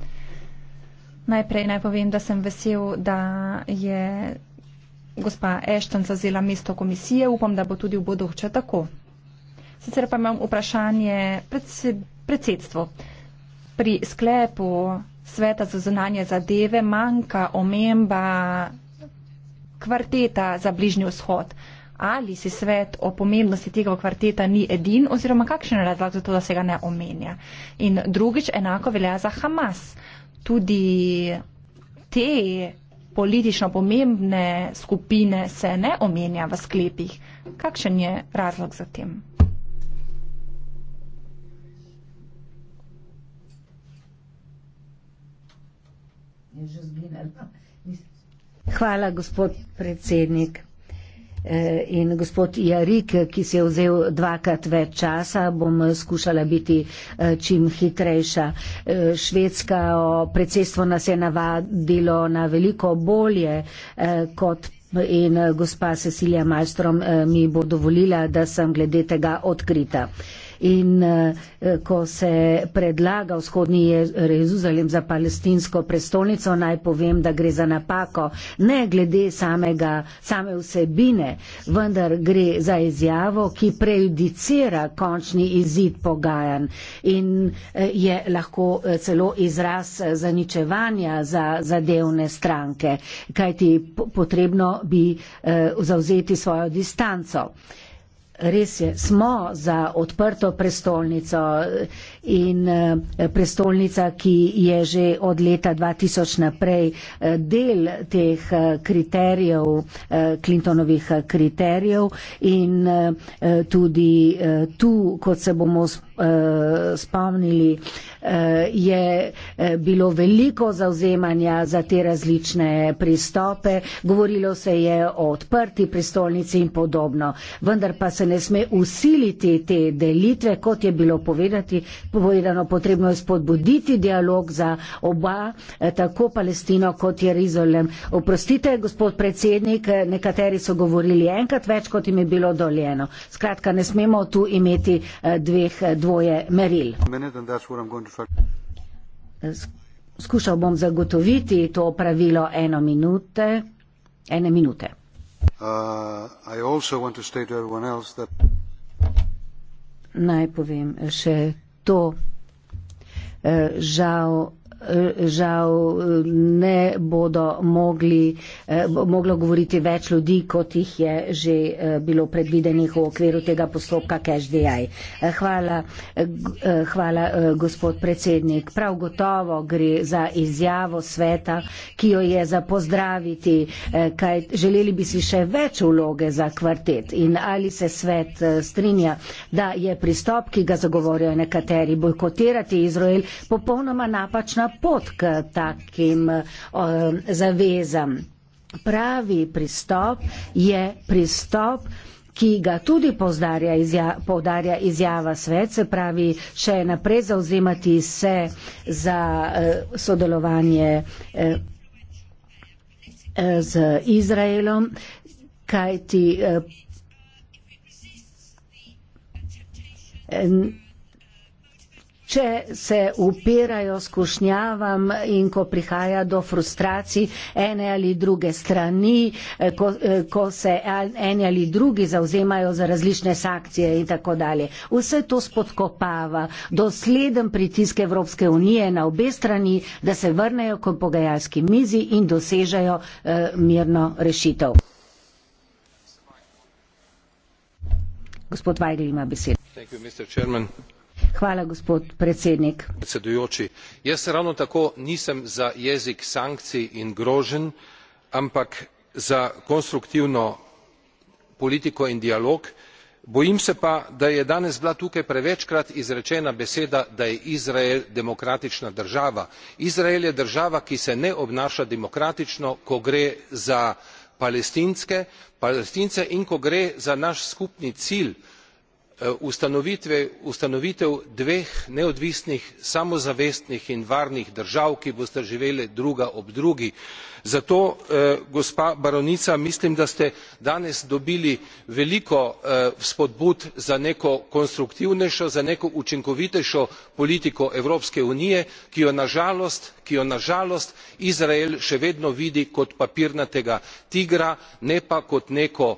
Najprej naj povem, da sem vesel, da je gospa Ešton zazela mesto komisije. Upam, da bo tudi v bodoče tako. Sicer pa imam vprašanje predsedstvo. Pri sklepu Sveta za zunanje zadeve manjka omemba kvarteta za bližnji vzhod. Ali si svet o pomembnosti tega kvarteta ni edin oziroma kakšen je razlog za to, da se ga ne omenja. In drugič enako velja za Hamas tudi te politično pomembne skupine se ne omenja v sklepih. Kakšen je razlog za tem? Hvala, gospod predsednik. Eh, in gospod Jarik, ki si je vzel dvakrat več časa, bom eh, skušala biti eh, čim hitrejša. Švedska predsedstvo nas je navadilo na veliko bolje kot. In gospa Cecilija Majstrom mi bo dovolila, da sem glede tega odkrita in eh, ko se predlaga vzhodni Jeruzalem za palestinsko prestolnico, naj povem, da gre za napako, ne glede samega, same vsebine, vendar gre za izjavo, ki prejudicira končni izid pogajan in eh, je lahko eh, celo izraz zaničevanja za zadevne stranke, kajti potrebno bi zauzeti svojo distanco. Res je, smo za odprto prestolnico in eh, prestolnica, ki je že od leta 2000 naprej eh, del teh eh, kriterijev, Clintonovih kriterijev in tudi tu, kot se bomo spomnili, Eh, spomnili, eh, je eh, bilo veliko zauzemanja za te različne pristope. Govorilo se je o odprti pristolnici in podobno. Vendar pa se ne sme usiliti te delitve, kot je bilo povedati, povedano, potrebno je spodbuditi dialog za oba, tako Palestino kot Jeruzalem. Oprostite, gospod predsednik, nekateri so govorili enkrat več, kot jim je bilo doljeno. Skratka, ne smemo tu imeti dveh dvojnosti dvoje meril. Skušal bom zagotoviti to pravilo eno minute, ene minute. Uh, Naj povem še to. Uh, žal žal ne bodo mogli, eh, moglo govoriti več ljudi, kot jih je že eh, bilo predvidenih v okviru tega postopka CashDI. Eh, hvala, hvala, gospod predsednik. Prav gotovo gre za izjavo sveta, ki jo je za pozdraviti, kaj želeli bi si še več vloge za kvartet in ali se svet strinja, da je pristop, ki ga zagovorijo nekateri, bojkotirati Izrael, popolnoma napačna pot k takim um, zavezam. Pravi pristop je pristop, ki ga tudi izja, povdarja izjava svet, se pravi še naprej zauzemati se za uh, sodelovanje uh, z Izraelom, kajti. Uh, če se upirajo skušnjavam in ko prihaja do frustracij ene ali druge strani, eh, ko, eh, ko se eni ali drugi zauzemajo za različne sankcije in tako dalje. Vse to spodkopava dosleden pritisk Evropske unije na obe strani, da se vrnejo k pogajalski mizi in dosežejo eh, mirno rešitev. Gospod Vajgl ima besedo. Hvala, gospod predsednik. Predsedujoči, jaz ravno tako nisem za jezik sankcij in groženj, ampak za konstruktivno politiko in dialog. Bojim se pa, da je danes bila tukaj prevečkrat izrečena beseda, da je Izrael demokratična država. Izrael je država, ki se ne obnaša demokratično, ko gre za palestinske, palestince in ko gre za naš skupni cilj, Eh, ustanovitev dveh neodvisnih samozavestnih in varnih držav ki bosta živeli druga ob drugi. zato eh, gospa baronica mislim da ste danes dobili veliko eh, vzpodbud za neko konstruktivnejšo za neko učinkovitejšo politiko evropske unije ki jo na žalost ki jo na žalost izrael še vedno vidi kot papirnatega tigra ne pa kot neko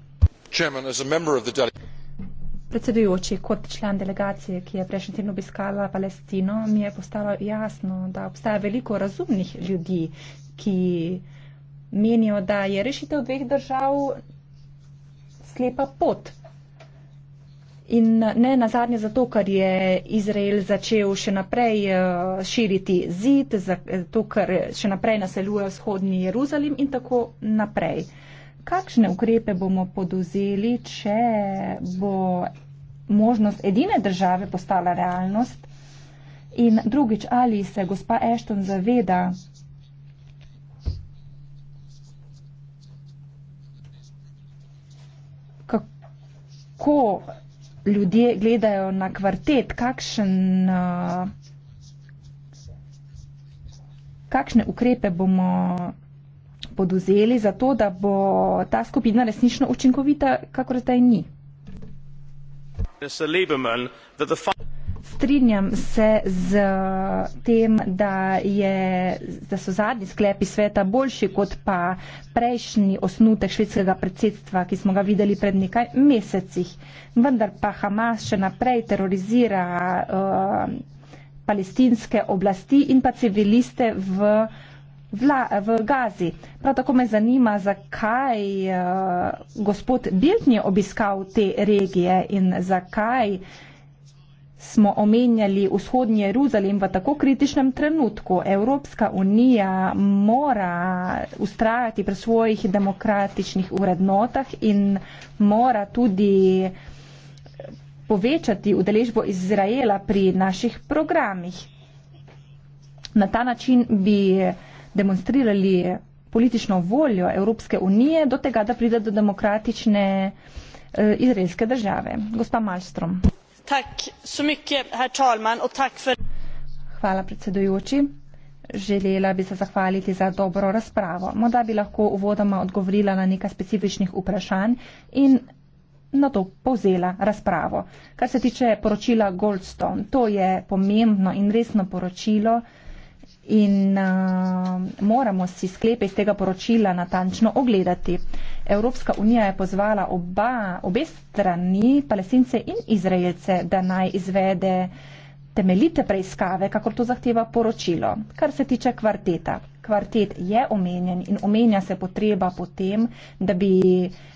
Predsedujoči, kot član delegacije, ki je prejšnji teden obiskala Palestino, mi je postalo jasno, da obstaja veliko razumnih ljudi, ki menijo, da je rešitev dveh držav slepa pot. In ne na zadnje zato, ker je Izrael začel še naprej eh, širiti zid, zato, ker še naprej naseljuje vzhodni Jeruzalem in tako naprej kakšne ukrepe bomo poduzeli, če bo možnost edine države postala realnost? In drugič, ali se gospa Ashton zaveda, kako ljudje gledajo na kvartet, kakšen, eh, kakšne ukrepe bomo poduzeli za to, da bo ta skupina resnično učinkovita, kakor zdaj ni? Strinjam se z tem, da, je, da so zadnji sklepi sveta boljši kot pa prejšnji osnutek švedskega predsedstva, ki smo ga videli pred nekaj mesecih. Vendar pa Hamas še naprej terorizira uh, palestinske oblasti in pa civiliste v uh, vla, v Gazi. Prav tako me zanima, zakaj uh, gospod Bild ni obiskal te regije in zakaj smo omenjali vzhodnji Jeruzalem v tako kritičnem trenutku. Evropska unija mora ustrajati pri svojih demokratičnih urednotah in mora tudi povečati udeležbo Izraela pri naših programih. Na ta način bi demonstrirali politično voljo Evropske unije do tega, da pride do demokratične eh, izraelske države. Gospa Malmström. Tak, so mykje, herr talman, och tak för... Hvala predsedujoči. Želela bi se zahvaliti za dobro razpravo. Morda bi lahko uvodoma odgovorila na nekaj specifičnih vprašanj in na to povzela razpravo. Kar se tiče poročila Goldstone, to je pomembno in resno poročilo, in uh, moramo si sklepe iz tega poročila natančno ogledati. Evropska unija je pozvala oba, obe strani, palestince in izraelce, da naj izvede temeljite preiskave, kako to zahteva poročilo. Kar se tiče kvarteta. Kvartet je omenjen in omenja se potreba po tem, da bi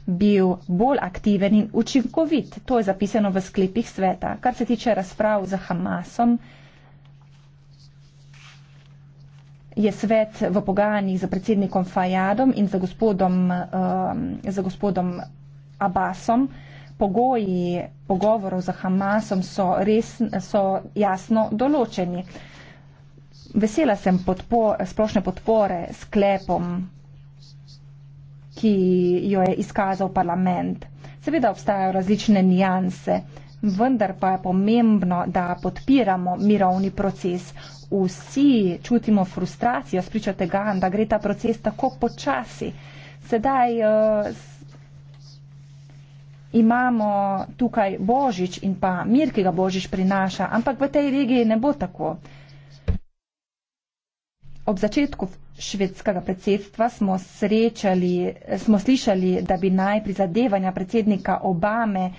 bil bolj aktiven in učinkovit. To je zapisano v sklepih sveta. Kar se tiče razprav z Hamasom, je svet v pogajanjih za predsednikom Fajadom in za gospodom, um, za gospodom Abasom. Pogoji pogovorov za Hamasom so, res, so jasno določeni. Vesela sem podpo, splošne podpore sklepom, ki jo je izkazal parlament. Seveda obstajajo različne nijanse, vendar pa je pomembno, da podpiramo mirovni proces vsi čutimo frustracijo spričo tega, da gre ta proces tako počasi. Sedaj uh, imamo tukaj Božič in pa mir, ki ga Božič prinaša, ampak v tej regiji ne bo tako. Ob začetku švedskega predsedstva smo, srečali, smo slišali, da bi naj prizadevanja predsednika Obame uh,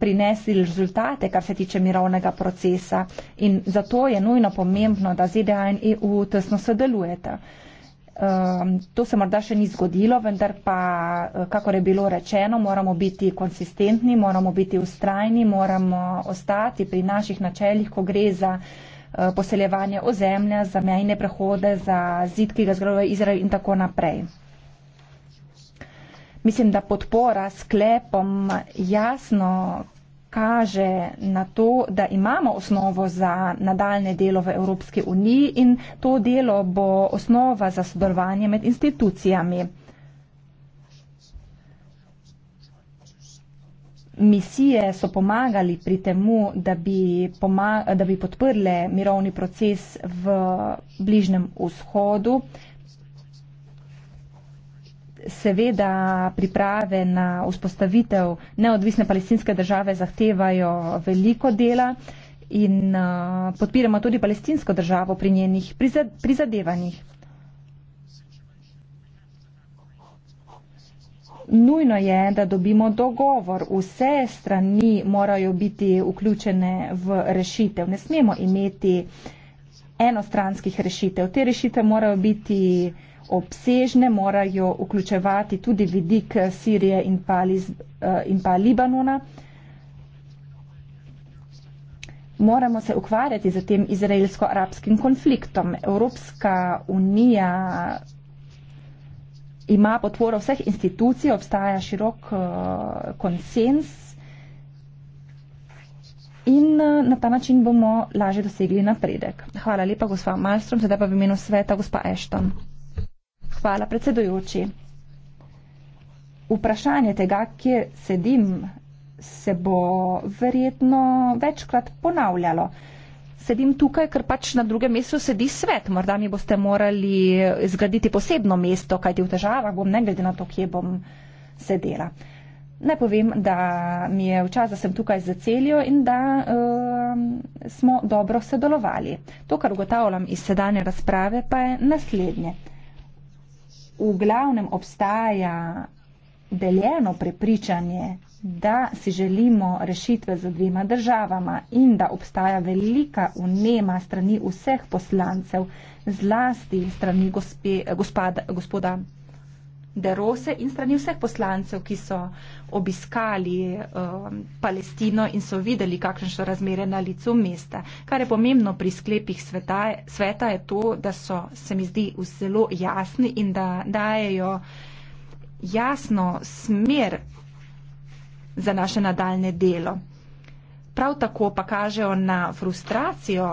prinesli rezultate, kar se tiče mirovnega procesa. In zato je nujno pomembno, da ZDA in EU tesno sodelujeta. Um, to se morda še ni zgodilo, vendar pa, eh, kako je bilo rečeno, moramo biti konsistentni, moramo biti ustrajni, moramo ostati pri naših načeljih, ko gre za eh, poseljevanje ozemlja, za mejne prehode, za zid, ki ga zgrajuje Izrael in tako naprej mislim, da podpora sklepom jasno kaže na to, da imamo osnovo za nadaljne delo v Evropski uniji in to delo bo osnova za sodelovanje med institucijami. Misije so pomagali pri temu, da bi, pomag da bi podprle mirovni proces v Bližnem vzhodu. Seveda priprave na vzpostavitev neodvisne palestinske države zahtevajo veliko dela in uh, podpiramo tudi palestinsko državo pri njenih prizadevanjih. Nujno je, da dobimo dogovor. Vse strani morajo biti vključene v rešitev. Ne smemo imeti enostranskih rešitev. Te rešitev morajo biti obsežne, morajo vključevati tudi vidik eh, Sirije in pa, Liz, eh, in pa Libanona. Moramo se ukvarjati z tem izraelsko-arabskim konfliktom. Evropska unija ima potvoro vseh institucij, obstaja širok eh, konsens in na ta način bomo lažje dosegli napredek. Hvala lepa, gospa Malstrom, sedaj pa v imenu sveta, gospa Ashton. Hvala, predsedujoči. Vprašanje tega, kje sedim, se bo verjetno večkrat ponavljalo. Sedim tukaj, ker pač na drugem mestu sedi svet. Morda mi boste morali zgraditi posebno mesto, kajti v težavah bom, ne glede na to, kje bom sedela. Naj povem, da mi je včasih, da sem tukaj za celjo in da uh, smo dobro sodelovali. To, kar ugotavljam iz sedanje razprave, pa je naslednje v glavnem obstaja deljeno prepričanje, da si želimo rešitve z dvema državama in da obstaja velika unema strani vseh poslancev, zlasti strani gospe, gospada, gospoda Derose in strani vseh poslancev, ki so obiskali uh, Palestino in so videli, kakšne so razmere na licu mesta. Kar je pomembno pri sklepih sveta, sveta je to, da so, se mi zdi, zelo jasni in da dajejo jasno smer za naše nadaljne delo. Prav tako pa kažejo na frustracijo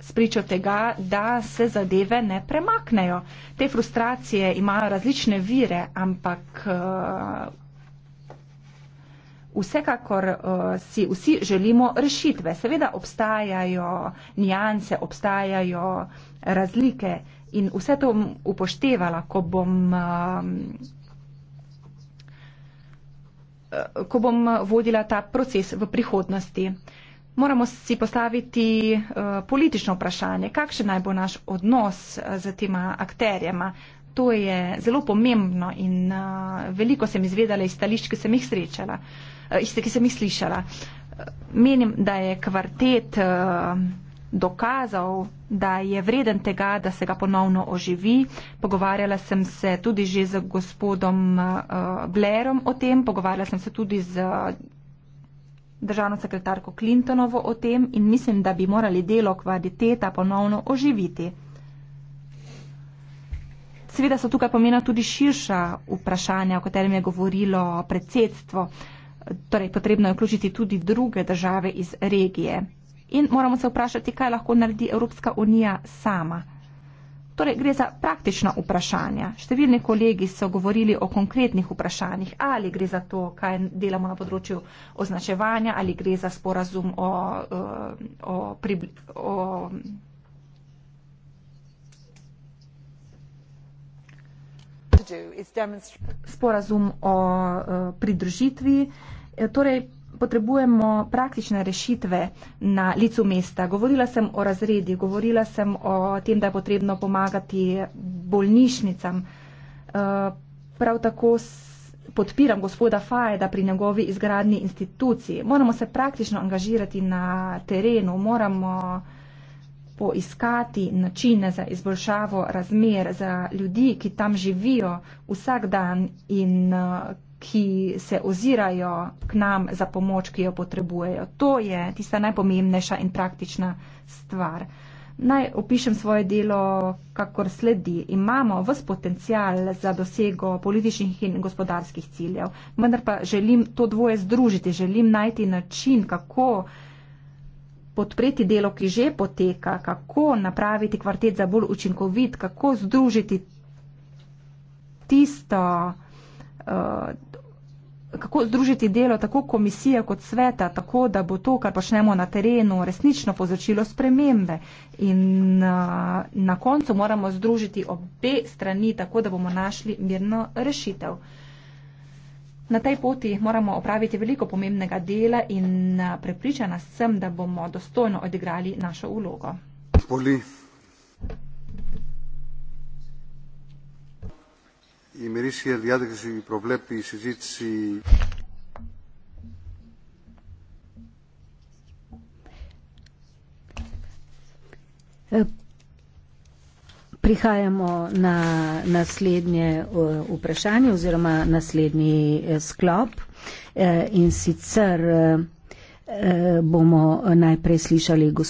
spričo tega, da se zadeve ne premaknejo. Te frustracije imajo različne vire, ampak eh, vsekakor eh, si vsi želimo rešitve. Seveda obstajajo nijanse, obstajajo razlike in vse to upoštevala, ko bom. Eh, ko bom vodila ta proces v prihodnosti. Uh, moramo si postaviti eh, politično vprašanje, kakšen naj bo naš odnos eh, z tema akterjema. To je zelo pomembno in eh, veliko sem izvedela iz stališč, ki sem jih srečala, iste, ki sem jih slišala. Menim, da je kvartet dokazal, da je vreden tega, da se ga ponovno oživi. Pogovarjala sem se tudi že z gospodom Blerom o tem, pogovarjala sem se tudi z državno sekretarko Clintonovo o tem in mislim, da bi morali delo kvaliteta ponovno oživiti. Seveda so tukaj pomena tudi širša vprašanja, o katerem je govorilo predsedstvo. Torej, potrebno je vključiti tudi druge države iz regije. In moramo se vprašati, kaj lahko naredi Evropska unija sama. Torej, gre za praktična vprašanja. Številni kolegi so govorili o konkretnih vprašanjih, ali gre za to, kaj delamo na področju označevanja, ali gre za sporazum o, eh, o, o, o, sporazum o eh, pridružitvi. Eh, torej, potrebujemo praktične rešitve na licu mesta. Govorila sem o razredi, govorila sem o tem, da je potrebno pomagati bolnišnicam. Eh, prav tako podpiram gospoda Fajeda pri njegovi izgradni instituciji. Moramo se praktično angažirati na terenu, moramo poiskati načine za izboljšavo razmer za ljudi, ki tam živijo vsak dan in eh, ki se ozirajo k nam za pomoč, ki jo potrebujejo. To je tista najpomembnejša in praktična stvar. Naj opišem svoje delo, kakor sledi. Imamo vs potencial za dosego političnih in gospodarskih ciljev, vendar pa želim to dvoje združiti, želim najti način, kako podpreti delo, ki že poteka, kako napraviti kvartet za bolj učinkovit, kako združiti tisto, Eh, kako združiti delo tako komisije kot sveta, tako da bo to, kar počnemo na terenu, resnično povzročilo spremembe. In eh, na koncu moramo združiti obe strani, tako da bomo našli mirno rešitev. Na tej poti moramo opraviti veliko pomembnega dela in eh, prepričana sem, da bomo dostojno odigrali našo ulogo. Poli. ημερήσια διάταξη προβλέπει η συζήτηση. Prihajamo na naslednje vprašanje oziroma naslednji e, sklop e, in sicer e, bomo najprej slišali gospodina.